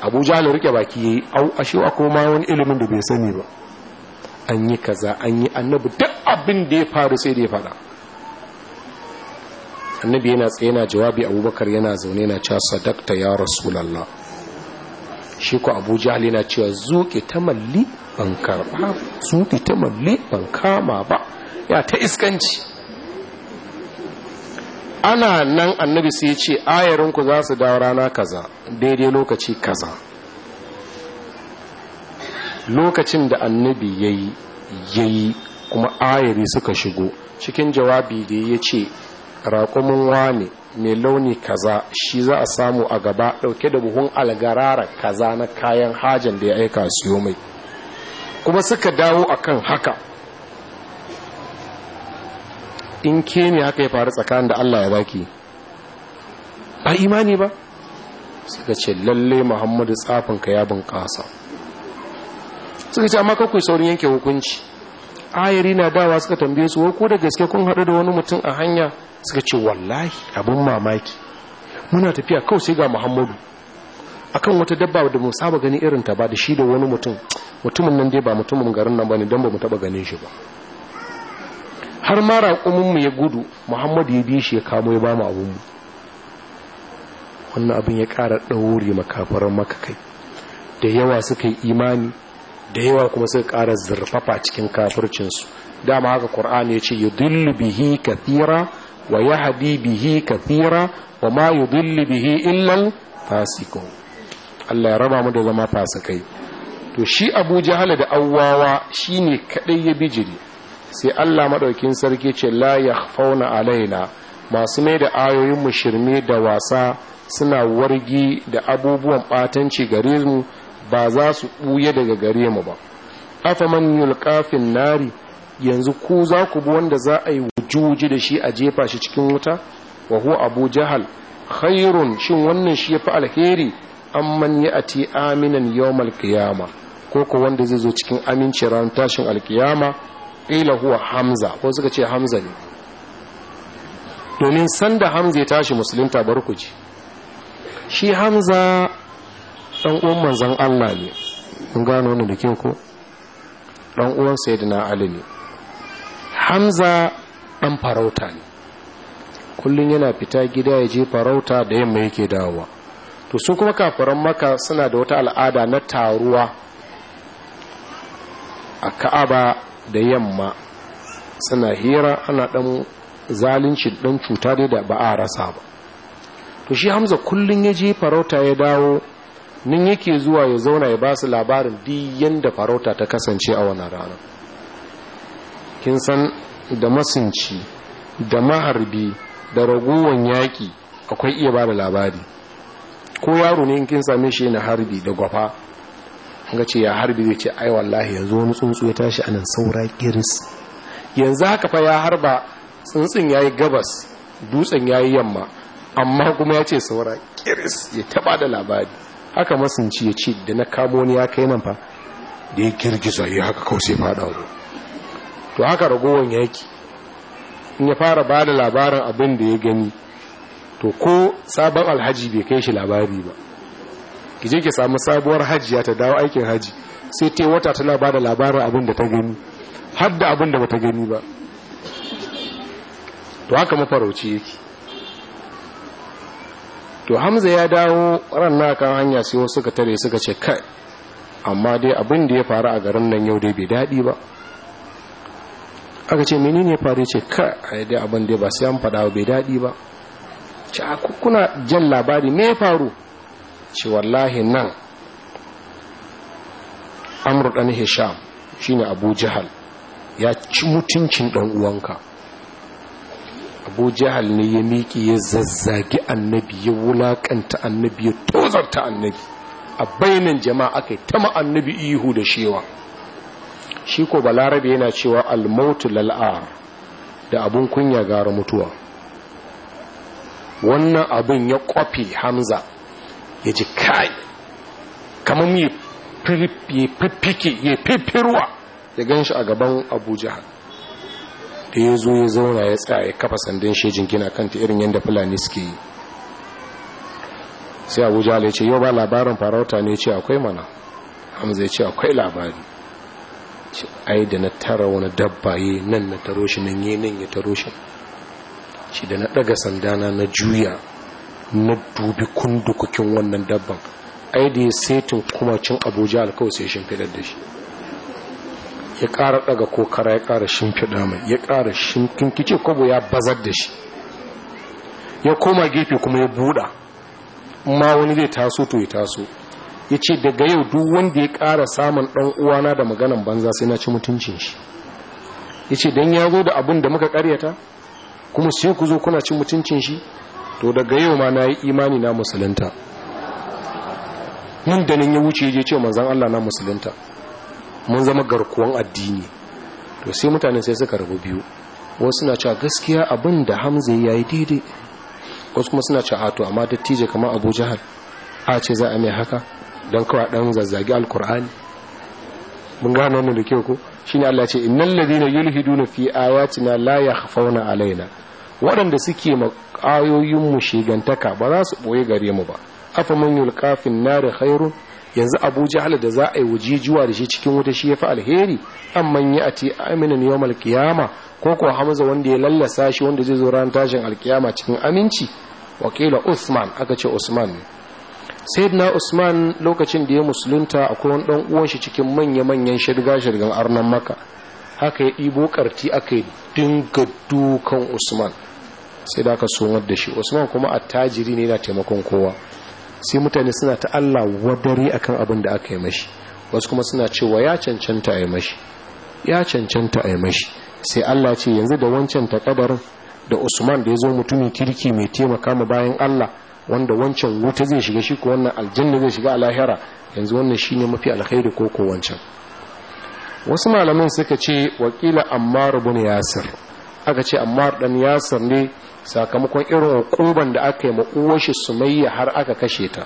abu jahal rike baki yayi au ashe akwai ma wani ilimin da bai sani ba an yi kaza an yi annabi duk abin da ya faru sai da ya faɗa annabi yana tsaye yana jawabi abubakar yana zaune yana cewa sadakta ya rasulullah shi ko abu jahal yana cewa zuke ta malli ban karba zuke ta malli ban kama ba ya ta iskanci ana nan annabi sai ce ayarinku za su dawo rana kaza daidai lokaci kaza lokacin da annabi ya yi ya yi kuma ayari suka shigo cikin jawabi da ya ce raƙumin wane mai launi kaza shi za a samu a gaba ɗauke da buhun algarara kaza na kayan hajjan da ya aika siyo mai kuma suka dawo akan haka in ke ne haka ya faru tsakanin da Allah ya baki ba imani ba suka ce lalle muhammadu tsafinka ya bunƙasa suka ce amma kakwai saurin yanke hukunci ayari na dawa suka tambaye su ko da gaske kun haɗu da wani mutum a hanya suka ce wallahi abin mamaki muna tafiya kawai sai ga muhammadu akan wata dabba da mu saba gani irin ta ba da shi da wani mutum mutumin nan dai ba mutumin garin nan ne don ba mu taba ganin shi ba har ma raƙumin mu ya gudu muhammad ya bi shi ya kamo ya bamu mu abin mu wannan abin ya ƙara ɗauri makafar makakai da yawa suka yi imani da yawa kuma suka ƙara zurfafa cikin kafircinsu dama haka ƙur'ani ya ce yudillu bihi kathira wa yahdi bihi kathira wa ma yudillu bihi illan fasikun Allah ya raba mu da zama fasikai to shi Abu Jahal da shi ne kadai ya bijiri sai Allah maɗaukin sarki ce la ya fauna alaina masu mai da ayoyin mu shirme da wasa suna wargi da abubuwan batanci gare mu ba za su buye daga gare mu ba afaman yulqa fin nari yanzu ku za ku bi wanda za a yi wujuji da shi a jefa shi cikin wuta wa hu abu jahal khairun shin wannan shi yafi alheri amman ya'ti aminan yawmal qiyamah ko ko wanda zai zo cikin aminci ran tashin alkiyama ƙila huwa hamza ko suka ce hamza ne domin sanda hamza ya tashi musulunta kuji shi hamza ɗan uwan manzan allah ne in gano wani da ke ko ɗan uwan ali ne hamza ɗan farauta ne kullum yana fita gida ya je farauta da yamma yake dawowa to su kuma kafaran maka suna da wata al'ada na taruwa a ka'aba da yamma suna hira ana dan zalunci dan cuta dai da ba a rasa ba to shi hamza kullun ya je farauta ya dawo nin yake zuwa ya zauna ya ba su labarin duk yanda farauta ta kasance a wannan rana kin san da masinci da maharbi da ragowan yaki akwai iya ba da labari ko yaro ne in kin same shi na harbi da gwafa ga ce ya harbi zai ce ai wallahi yanzu wani tsuntsu ya tashi anan saura kiris yanzu haka fa ya harba tsuntsun yayi gabas dutsen yayi yamma amma kuma ya ce saura kiris ya taba da labari haka masunci ya ce da na kamo wani ya kai nan fa da ya girgiza ya haka kawai sai fada to haka ragowar yaki in ya fara ba da labarin abin da ya gani to ko sabon alhaji bai kai shi labari ba ki je ki samu sabuwar hajjiya ta dawo aikin haji sai ta wata tana bada labarin abin da ta gani har da abin da bata gani ba to haka mafarauci yake to hamza ya dawo ranar kan hanya sai wasu suka tare suka ce kai amma dai abin da ya faru a garin nan yau dai bai daɗi ba aka ce menene ya faru ce ka a dai abin da ba sai an faɗa bai daɗi ba ce kuna jan labari me ya faru ce wallahi nan amru ɗan hisham shine abu jahal ya ci mutuncin ɗan uwanka abu jihal ne ya miƙi ya zazzagi annabi ya wulakanta annabi ya tozarta annabi a bainan jama'a aka yi ta annabi ihu da shewa shi ko balarabe yana cewa almautu lal'ar da abun kunya gara mutuwa wannan abin ya kwafi hamza ya ji kai kamar mai fiffike ya fiffirwa ya gan shi a gaban abuja da ya zo ya zauna ya tsaya ya kafa sandan shejin gina kanta irin yadda fulani suke yi sai abuja ya ce yau ba labarin farauta ne ce akwai mana hamza ya ce akwai labari ce ai da na tara wani dabbaye nan na taro shi nan yi nan ya taro shi shi da na ɗaga sandana na juya na dubi kundukukin wannan dabban ai da ya setin kuma cin abuja alkawai sai shimfidar da shi ya ƙara ɗaga kokara ya ƙara shimfida mai ya ƙara shimfinkice kwabo ya bazar da shi ya koma gefe kuma ya buɗa ma wani zai taso to ya taso ya ce daga yau duk wanda ya ƙara samun ɗan uwana da maganan banza sai na ci mutuncin shi ya ce don ya zo da abin da muka karyata kuma sai ku zo kuna ci mutuncin shi to daga yau ma na yi imani na musulunta nan da nan ya wuce je ce manzan Allah na musulunta mun zama garkuwan addini to sai mutane sai suka rabu biyu wasu suna cewa gaskiya abin da hamza ya yi daidai wasu kuma suna cewa to amma dattije kamar abu jahal a ce za a mai haka don kawai dan zazzagi alkur'ani mun gano wannan da kyau ko shine Allah ce innal ladina yulhiduna fi ayatina la yakhfawna alaina waɗanda suke mu shigantaka ba za su ɓoye gare mu ba afa man yulqa na nari khairu yanzu abu jahal da za a yi wujijuwa da shi cikin wuta shi ya fi alheri an man yi ti aminin yawmal malkiyama ko ko hamza wanda ya lallasa shi wanda zai zo ran tashin alkiyama cikin aminci wakila usman aka ce usman ne. sayyidina usman lokacin da ya musulunta akwai wani dan uwan shi cikin manya manyan shirga shirgan arnan maka haka ya ɗibo karti aka yi dinga dukan usman sai da aka sumar da shi usman kuma attajiri ne na taimakon kowa sai mutane suna ta Allah wadari akan abin da aka yi mashi wasu kuma suna cewa ya cancanta a mashi ya cancanta a mashi sai Allah ce yanzu da wancan takabarin da Usman da ya zo mutumin kirki mai taimaka ma bayan Allah wanda wancan wuta zai shiga shi ko wannan aljanna zai shiga alahira yanzu wannan shi ne mafi alkhairi ko ko wancan wasu malaman suka ce wakila Ammar bin Yasir aka ce Ammar dan Yasir ne sakamakon irin hukuban da aka yi ma shi sumayya har aka kashe ta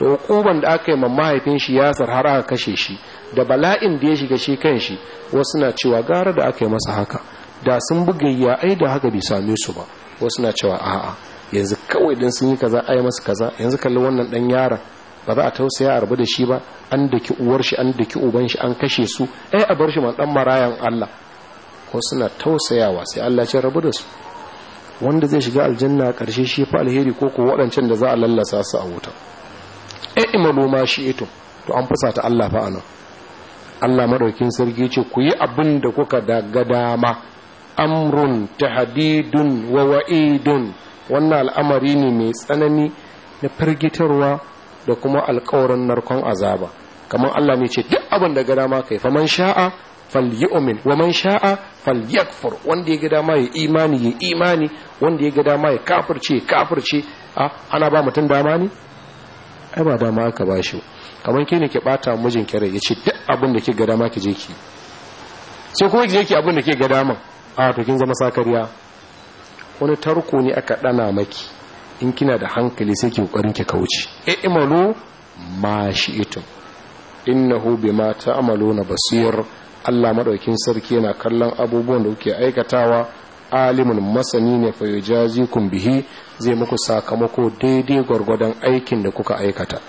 da hukuban da aka yi ma mahaifin shi yasar har aka kashe shi da bala'in da ya shiga shi kan shi wasu na cewa gara da aka yi masa haka da sun bugayya ai da haka bai same su ba wasu na cewa a'a yanzu kawai don sun yi kaza ai masa kaza yanzu kalli wannan dan yaron ba za a tausaya a rabu da shi ba an daki uwar shi an daki uban shi an kashe su ai a bar shi ma dan marayan Allah ko suna tausayawa sai Allah ya rabu da su wanda zai shiga aljanna karshe shi fa alheri ko ko waɗancan da za a lallasa su a wuta ai imalu ma shi ito to an fusa ta Allah fa anan Allah madaukin sarki ce ku yi abin da kuka daga dama amrun tahdidun wa wa'idun wannan al'amari ne mai tsanani na firgitarwa da kuma alƙawarin narkon azaba kamar Allah ne ce duk abin da ga dama kai man sha'a falyu'min wa man sha'a falyakfur wanda ya ga dama ya imani ya imani wanda ya ga dama ya kafirce kafirce a ana ba mutum dama ne ai ba dama aka ba shi kamar ke ne ke bata mijin kare ya ce duk abin da ke ga dama ki je ki sai kuma ki je ki abin da ke ga dama a to kin zama sakariya wani tarko ne aka dana maki in kina da hankali sai ki kokarin ki kauce eh imalu ma itum innahu bima ta'maluna basir Allah madaukin sarki yana kallon abubuwan da kuke aikatawa alimin masani ne fa yujazikum bihi zai muku sakamako daidai gwargwadon aikin da kuka aikata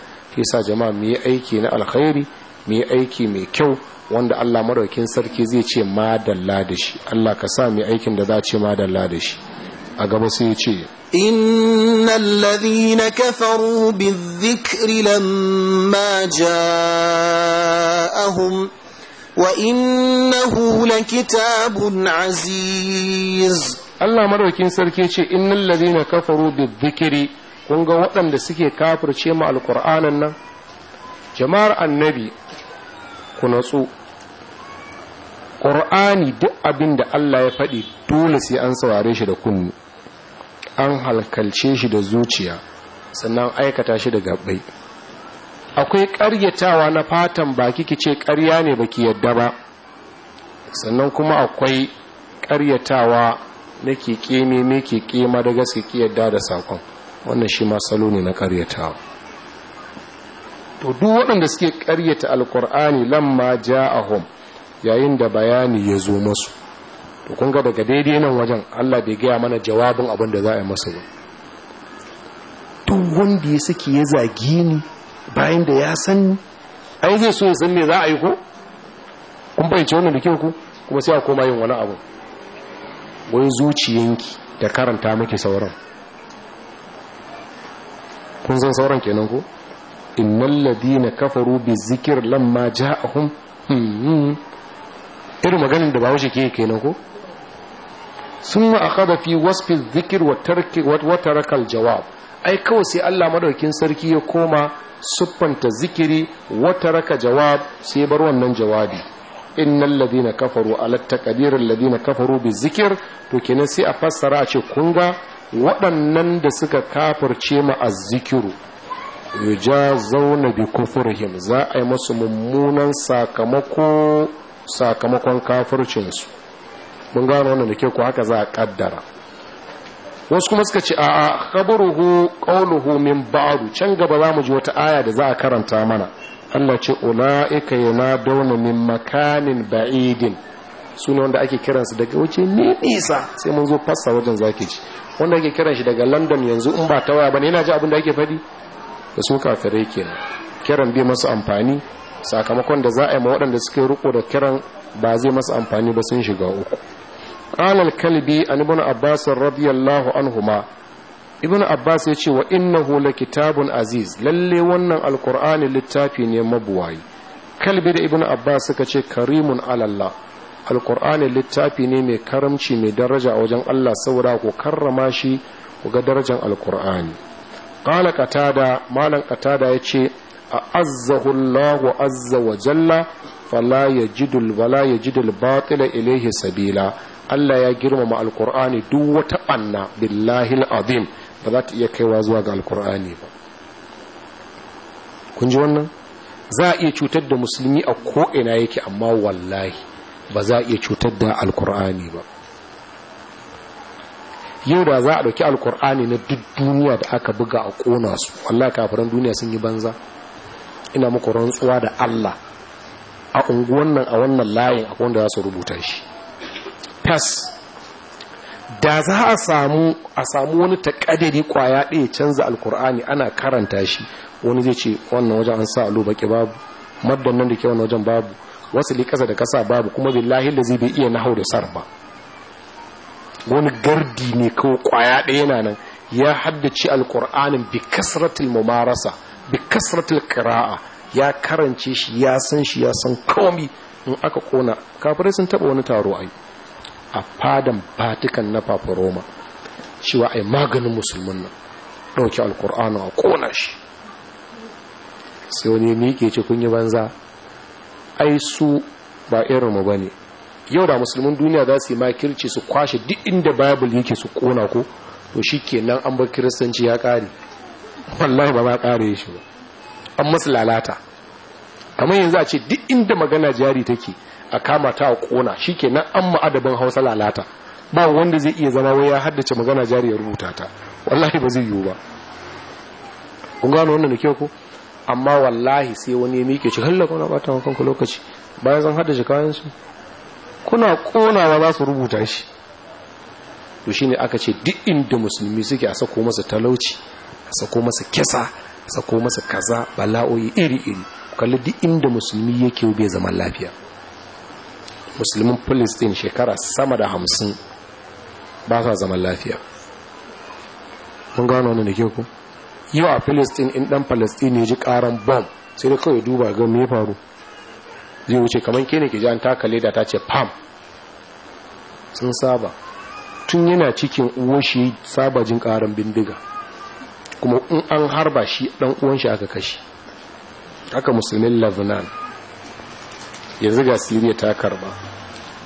sa jama'a mu yi aiki na alkhairi mu yi aiki mai kyau wanda Allah madaukin sarki zai ce madalla da shi Allah ka sa mu aikin da za ce madalla da shi a gaba sai ya ce إن الذين كفروا بالذكر لما جاءهم وإنه لكتاب عزيز Allah madaukin sarki ce innal ladina kafaru bizikri kun ga waɗanda suke kafirce mu alqur'anin nan jama'ar annabi ku natsu qur'ani duk abin da Allah ya faɗi dole sai an saurare shi da kunni an halkalce shi da zuciya sannan aikata shi da gabbai akwai ƙaryatawa na fatan baki kiki ce ƙarya ne baki yadda ba sannan kuma akwai ƙaryatawa na keke ne me keke ma da gaske yadda da sakon wannan shi ma salo ne na ƙaryatawa to duk waɗanda suke ƙaryata alkur'ani lamma hom yayin da bayani ya zo masu to kun ga daga daidai nan wajen Allah bai gaya mana jawabin abin da za a yi masa ba duk wanda ya saki ya zagi ni bayan da ya san ai zai so ya san me za a yi ko kun fahimci wannan da kyau ku kuma sai a koma yin wani abu wai zuciyanki da karanta miki sauran kun san sauran kenan ko innal ladina kafaru bizikr lamma ja'ahum hmm. irin maganin da bawo shi ke kenan ku? sun akhadha fi wasfi zikir wa tarki wa tarakal jawab ai kawai sai Allah madaukin sarki ya koma siffanta zikiri wata raka jawab sai bar wannan jawabi innal ladina kafaru ala kabirul ladina kafaru bi zikir to kenan sai a fassara a ce kun ga waɗannan da suka kafirce ma azzikiru yujazawna bi kufrihim za a yi musu mummunan sakamako sakamakon su mun gano wannan da ke ku haka za a kaddara wasu kuma suka ce a'a khabaruhu qawluhu min ba'du can gaba zamu ji wata aya da za a karanta mana Allah ce ulaika yanaduna min makanin ba'idin sune wanda ake kiransu daga waje ne nisa sai mun zo fassa wajen zaki ci wanda ake kiran shi daga London yanzu in ba tawaya bane yana ji abin da ake fadi da su kafirai kenan kiran bi masu amfani sakamakon da za a yi ma waɗanda suke riko da kiran ba zai masu amfani ba sun shiga uku kalbi Abbas الكلبي anhu ma Ibn Abbas ya ce ابن عباس يقول وإنه لكتاب عزيز للي ونن littafi ne mabuwayi. kalbi da ibn abbas suka ce karimun alallah alkur'ani littafi ne mai karamci mai daraja a wajen allah saboda ku karrama shi ku ga darajar alkur'ani qala katada malam katada ya ce a azzahu allah azza wa jalla fala yajidu fala yajidu batila ilayhi sabila Allah ya girmama alkur'ani duk wata banna billahi azim ba za ta iya kaiwa zuwa ga alkur'ani ba kun ji wannan za a iya cutar da musulmi a ko'ina yake amma wallahi ba za a iya cutar da alkur'ani ba yau da za a ɗauki alkur'ani na duk duniya da aka buga a ƙona su wallahi kafiran duniya sun yi banza ina muku rantsuwa da allah a unguwan nan a wannan layin akwai wanda za su rubuta shi fas da za a samu a samu wani takadari kwaya ɗaya canza alkur'ani ana karanta shi wani zai ce wannan wajen an sa alo baki babu maddan da ke wannan wajen babu wasu li kasa da kasa babu kuma billahi da zai bai iya nahau da sar ba wani gardi ne ko kwaya ɗaya yana nan ya haddace alkur'anin bi kasratil mumarasa bi kasratil qira'a ya karance shi ya san shi ya san komi in aka kona kafirai sun taba wani taro ai a fadan batikan na shi cewa ai maganin musulmin nan ɗauki alkur'anu a ƙona shi sai wani miƙe ce kun yi banza ai su ba irin mu ba ne yau da musulmin duniya za su yi makirci su kwashe duk inda bible yake su ƙona ko to shi ke nan an bar kiristanci ya ƙare wallahi ba ma ƙare shi ba an masu lalata Kamar yanzu a ce duk inda magana jari take a kama ta a kona nan an ma'adabin hausa lalata ba wanda zai iya zama wai ya haddace magana jari ya rubuta ta wallahi ba zai yiwu ba kun gano wannan da kyau ko amma wallahi sai wani ya miƙe shi halla kuna bata kanku lokaci bayan zan haddace kayan su kuna konawa za su rubuta shi to ne aka ce duk inda musulmi suke a sako masa talauci a sako masa kisa a sako masa kaza bala'o'i iri iri kalli duk inda musulmi yake bai zaman lafiya musulmin filistin shekara sama da hamsin ba sa zaman lafiya mun gano wani da ke ku yau a filistin in dan palestine ya ji karan bom sai da kawai duba ga me faru zai wuce kamar ke ke ji an taka leda ta ce pam sun saba tun yana cikin uwan shi saba jin karan bindiga kuma in an harba shi dan uwan shi aka kashi haka musulmin lebanon yanzu ga siriya ta karba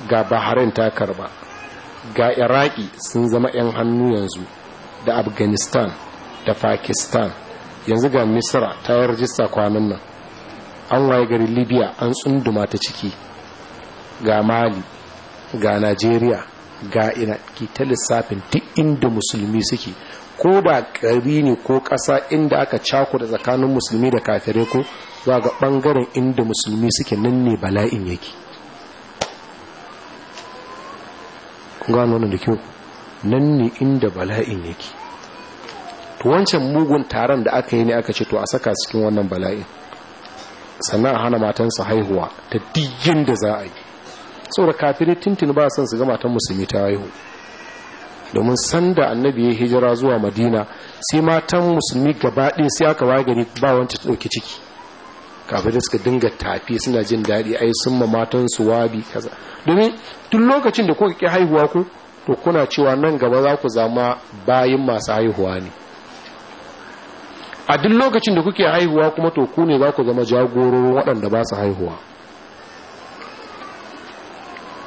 ga bahrain ta karba ga iraki sun zama 'yan hannu yanzu da afghanistan da pakistan yanzu ga misra ta yi rajista kwanan nan an waye gari libya an tsunduma ta ciki ga mali ga nigeria ga ina ki ta lissafin duk inda musulmi suke ko ba ƙari ne ko ƙasa inda aka cakuda tsakanin musulmi da kafirai ko za ga ɓangaren inda musulmi suke nan ne bala'in yake gano wannan da kyau nan ne inda bala'in yake to wancan mugun taron da aka yi ne aka ce to a saka cikin wannan bala'in sannan hana matansa haihuwa da digin da za a yi saboda kafin tintin ba son su ga matan musulmi ta haihu domin sanda annabi ya hijira zuwa madina sai matan musulmi gaba ɗaya sai aka wagari ba wancan ɗauki ciki Kafin da suka dinga tafi suna jin daɗi ai sun ma matan su wabi kaza domin tun lokacin da kuka haihuwa ku to kuna cewa nan gaba za ku zama bayin masu haihuwa ne a duk lokacin da kuke haihuwa kuma to ku ne za ku zama jagororin waɗanda ba su haihuwa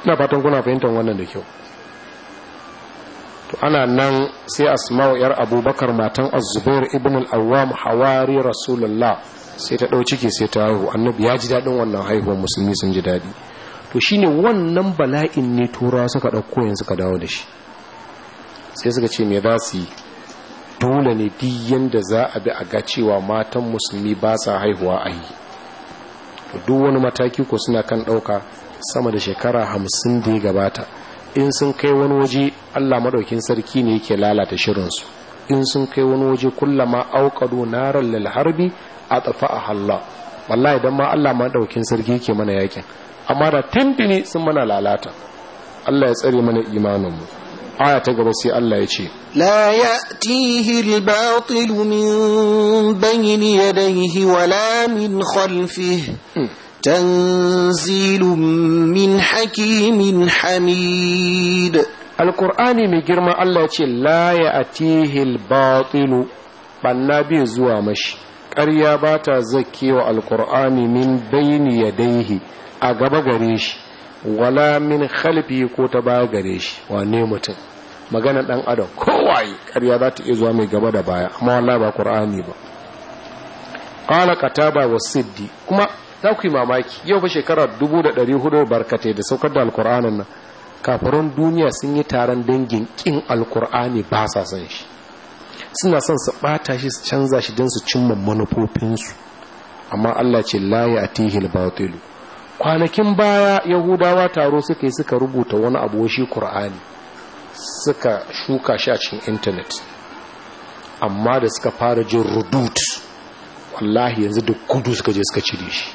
ina fatan kuna fahimtar wannan da kyau to ana nan sai asma'u yar abubakar matan azubair ibn al-awwam hawari rasulullah sai ta ɗau ciki sai ta haihu annabi ya ji daɗin wannan haihuwar musulmi sun ji daɗi to shine wannan bala'in ne turawa suka ɗauko yanzu ka dawo da shi sai suka ce me za su yi dole ne duk yanda za a bi a ga cewa matan musulmi ba sa haihuwa a yi to duk wani mataki ko suna kan ɗauka sama da shekara hamsin da ya gabata in sun kai wani waje allah maɗaukin sarki ne yake lalata shirinsu in sun kai wani waje kullama auƙadu narar lalharbi A halla wallahi dan ma Allah ma daukin sarki ke mana yakin amma da tintini sun mana lalata Allah ya tsare mana imanin mu aya ta gaba sai Allah ya ce la ya'tihi al-batil min bayni yadayhi wala min khalfihi hmm. tanzilun min hakimin hamid alkur'ani mai girma Allah ce la ya atihil batilu banna bai zuwa mashi ƙarya ba ta zakewa alkur'ani min bayin ya daihi a gaba gare shi wala min khalfi ko ta baya gare shi wane mutum magana ɗan adam kowaye ƙarya za ta iya zuwa mai gaba da baya amma wala ba ƙur'ani ba qala kataba wa siddi kuma za ku yi mamaki yau ba shekarar dubu hudu barkatai da saukar da alkur'anin nan kafirin duniya sun yi taron dangin ƙin alkur'ani ba sa san shi suna son su ɓata shi su canza shi don su cimma manufofinsu amma Allah ce laye a tihil batilu kwanakin baya yahudawa taro suka yi suka rubuta wani abu shi kur'ani suka shuka shi a cikin intanet amma da suka fara jin rudut wallahi yanzu da gudu suka je suka cire shi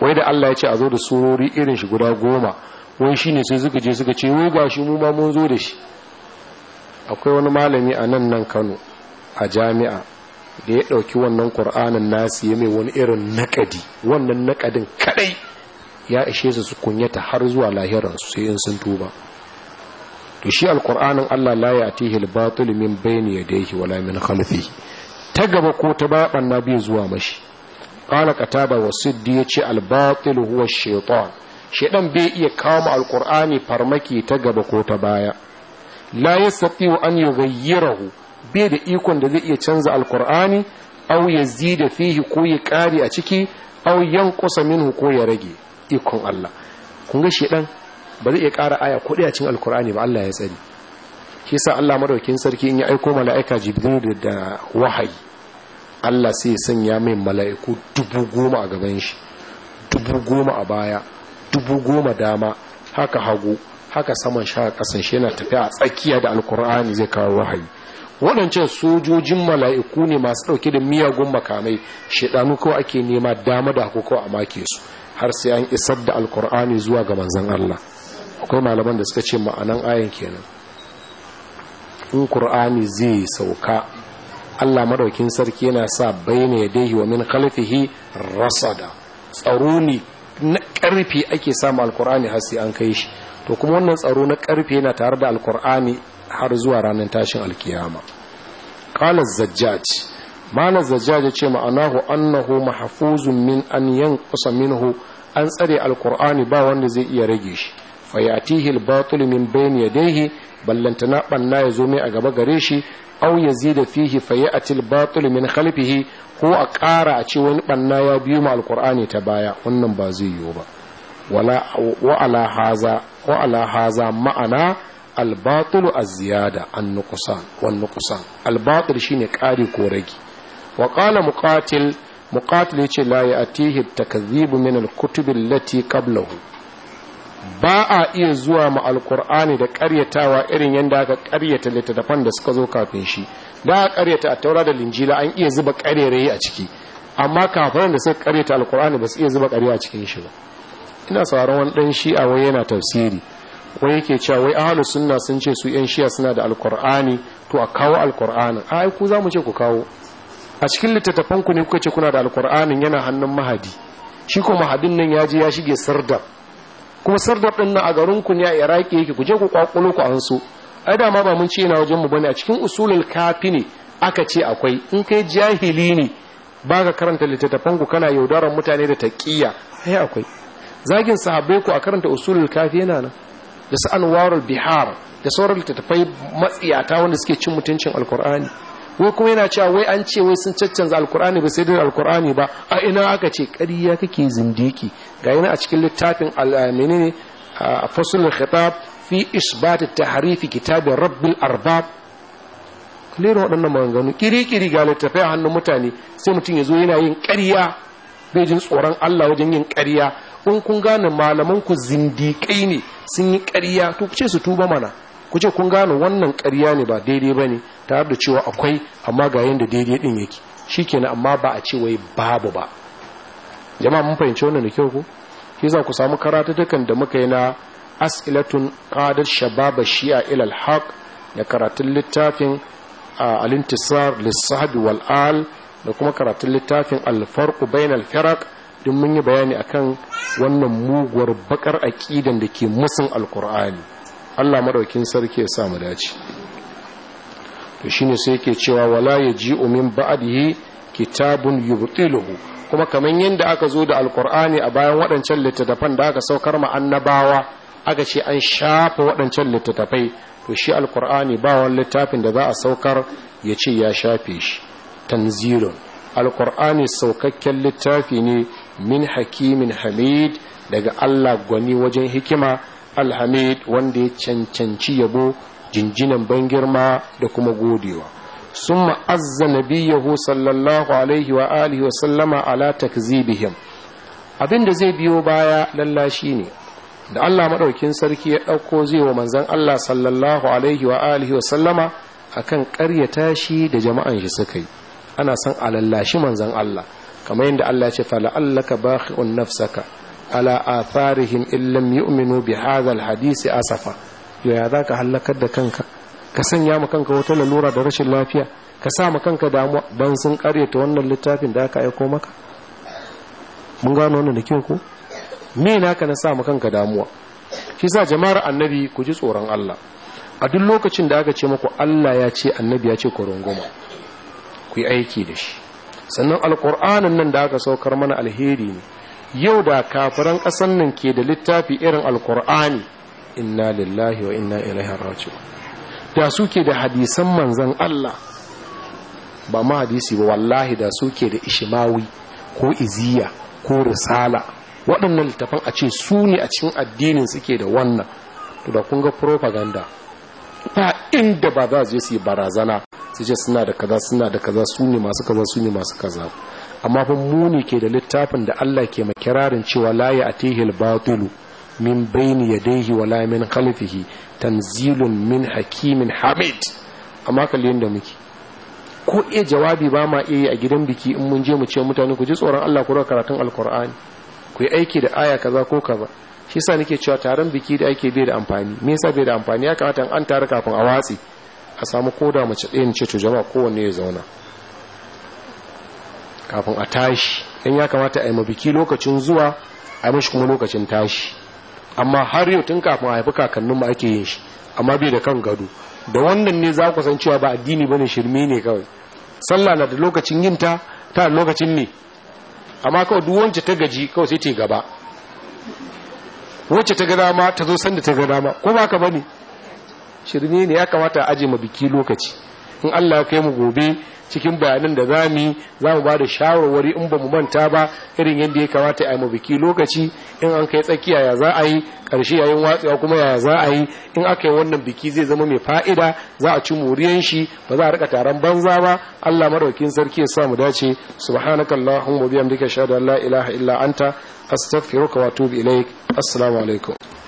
wai da Allah ya ce a zo da surori irin shi guda goma wai ne sai suka je suka ce wai ga shi mu ma mun zo da shi akwai wani malami a nan nan kano a jami'a da ya ɗauki wannan ƙur'anin nasi ya mai wani irin naƙadi wannan naƙadin kaɗai ya ishe su su kunyata har zuwa lahiran su sai in sun tuba to shi alƙur'anin allah la ya tihi albatul min bayni yadayhi wala min khalfihi ta gaba ko ta bayan na bai zuwa mashi qala qataba wa siddi ce albatil huwa shaitan shaitan bai iya kawo alƙur'ani farmaki ta gaba ko ta baya la wa an rahu. bai da ikon da zai iya canza au ya zi da fihi ko ya ƙare a ciki au yan yanqusa min ko ya rage ikon Allah kunga shi dan ba zai iya ƙara aya ko a cikin alkur'ani ba Allah ya tsari. shi sa Allah madaukin sarki in ya aiko mala'ika jibril da wahayi Allah sai ya sanya mai mala'iku dubu goma a gaban shi dubu goma a baya dubu goma dama haka hagu haka saman sha haka kasan shi yana tafiya a tsakiya da alkur'ani zai kawo wahayi waɗancan sojojin mala'iku ne masu ɗauke da miyagun makamai shaidanu ko ake nema dama da ko a make su har sai an isar da alkur'ani zuwa ga manzan Allah akwai malaman da suka ce ma'anan ayan kenan in kur'ani zai sauka Allah madaukin sarki yana sa bayyana yadayhi wa min khalfihi rasada tsaro ne na ƙarfi ake samu alkur'ani har sai an kai shi to kuma wannan tsaro na karfe yana tare da alkur'ani har zuwa ranar tashin alkiyama qala zajjaj malam zajjaj ya ce ma'anahu annahu mahfuzun min an yanqusa minhu an tsare alkur'ani ba wanda zai iya rage shi fayatihi al-batil min bayni yadayhi ballantana banna ya zo mai a gaba gare shi aw yazida fihi fayati al min khalfihi ko a ƙara a ce wani banna ya biyo ma alkur'ani ta baya wannan ba zai yiwu ba wala wa ala haza wa ala haza ma'ana albatul az-ziyada an-nuqsan wan nuqsan albatul shine kari ko ragi wa qala muqatil muqatil yace la ya'tihi at-takdhib min al-kutub allati qablahu ba a iya zuwa ma alkur'ani da ƙaryatawa irin yadda aka ƙaryata littattafan da suka zo kafin shi da a karyata a taura da linjila an iya zuba karerayi a ciki amma kafin da suka karyata alkur'ani ba su iya zuba karya a cikin shi ba ina sauraron wani dan shi'a wai yana tafsiri wai yake cewa wai ahlus sunna sun ce su yan shi'a suna da alqur'ani to a kawo alqur'anin ai ku za mu ce ku kawo a cikin littattafan ku ne kuka ce kuna da alqur'anin yana hannun mahadi shi ko mahadin nan ya je ya shige sardar kuma sardar ɗin nan a garin ku ne a iraki yake ku je ku kwakulo ku ansu ai da ma ba mun ce ina wajen mu bane a cikin usulul kafi ne aka ce akwai in kai jahili ne baka karanta littattafan ku kana yaudarar mutane da taƙiyya ai akwai zagin sahabbai ku a karanta usulul kafi yana nan da su anwarul bihar da sauran littattafai matsiyata wanda suke cin mutuncin alkur'ani wai kuma yana cewa wai an ce wai sun caccanza alkur'ani ba sai dai alkur'ani ba a ina aka ce ƙarya kake zindiki ga yana a cikin littafin al'amini eh, ne a fasul khitab fi isbat harifi kitabin rabbil arbab kulero waɗannan maganganu kiri-kiri ga littattafai a hannun mutane sai mutum ya zo yana yin ƙarya bai jin tsoron Allah wajen yin ƙarya in kun gane malaman ku zindiƙai ne sun yi ƙarya to ku ce su tuba mana ku ce kun gane wannan ƙarya ne ba daidai ba ne tare da cewa akwai amma ga yadda daidai ɗin yake shi kenan amma ba a ce wai babu ba jama'a mun fahimci wannan da kyau ko shi za ku samu karatattakan da muka yi na as'ilatun qadar shababa shi'a ilal al da karatun littafin al-intisar lis wal-al da kuma karatun littafin al-farq bain firaq duk mun yi bayani akan wannan muguwar bakar aƙidan da ke musun alkur'ani Allah madaukin sarki ya sa mu dace to shine sai yake cewa wala yaji'u min ba'dihi kitabun yubtiluhu kuma kaman yanda aka zo da alkur'ani a bayan wadancan littattafan da aka saukar ma annabawa aka ce an shafa wadancan littattafai to shi alkur'ani ba wani littafin da za a saukar ya ce ya shafe shi tanzilun alkur'ani saukakken littafi ne min hakimin hamid daga Allah gwani wajen hikima alhamid wanda ya cancanci yabo jinjinan ban girma da kuma godewa sun ma'azza biyu sallallahu alaihi wa alihi wa sallama ala takzibihim abin da zai biyo baya lallashi ne da Allah maɗaukin sarki ya ɗauko zai wa manzan Allah sallallahu alaihi wa alihi wa sallama akan ƙaryata shi da jama'an shi suka yi ana san a lallashi manzan Allah kamar yadda Allah ya ce fala'allaka bakhi'un nafsaka ala atharihim in lam yu'minu bi hadha alhadisi asafa yo ya zaka halakar da kanka ka sanya ma kanka wata lalura da rashin lafiya ka sa kanka damuwa dan sun karyata wannan littafin da aka aiko maka mun gano wannan da kyau ko me naka na sa kanka damuwa shi sa jama'ar annabi ku ji tsoron Allah a duk lokacin da aka ce muku Allah ya ce annabi ya ce ku runguma ku yi aiki da shi sannan alkur'anin nan da aka saukar mana alheri ne yau da kafiran ƙasan nan ke da littafi irin alkur'ani inna lillahi wa inna ilaihi raji'u da suke da hadisan manzon Allah ba ma hadisi ba wallahi da suke da ishimawi ko iziya ko risala waɗannan littafan a ce su ne a cikin addinin suke da wannan to da kun ga propaganda ba inda ba za su yi barazana sai suna da kaza suna da kaza su ne masu kaza su ne masu kaza amma fa muni ke da littafin da Allah ke makirarin cewa la ya atihil batulu min bayni yadayhi wala min khalfihi tanzilun min hakimin hamid amma kalle da muke ko iya jawabi ba ma iya a gidan biki in mun je mu ce mutane ku ji tsoron Allah ku karatun alkur'ani ku yi aiki da aya kaza ko kaza shi yasa nake cewa taron biki da ake bai da amfani me yasa bai da amfani ya kamata an tare kafin a watsi a samu koda mace ɗayan ce to jama'a kowanne ya zauna kafin a tashi in ya kamata a yi mabiki lokacin zuwa a yi mashi kuma lokacin tashi amma har yau tun kafin a haifi kakannin mu ake yin shi amma bai da kan gado da wannan ne za ku san cewa ba addini bane shirme ne kawai sallah na da lokacin yin ta ta lokacin ne amma kawai duk wacce ta gaji kawai sai ta gaba wacce ta ga dama ta zo sanda ta ga dama ko ba ka bane shirme ne ya kamata aje ma biki lokaci in Allah ya kai mu gobe cikin bayanan da zamu za mu ba da shawarwari in ba mu manta ba irin yadda ya kamata a yi biki lokaci in an kai tsakiya ya za a yi ƙarshe yayin watsewa kuma ya za a yi in aka yi wannan biki zai zama mai fa'ida za a ci muriyan shi ba za a rika taron banza ba Allah madaukin sarki ya sa mu dace subhanakallahumma wa bihamdika shada la ilaha illa anta astaghfiruka wa atubu ilaik assalamu alaikum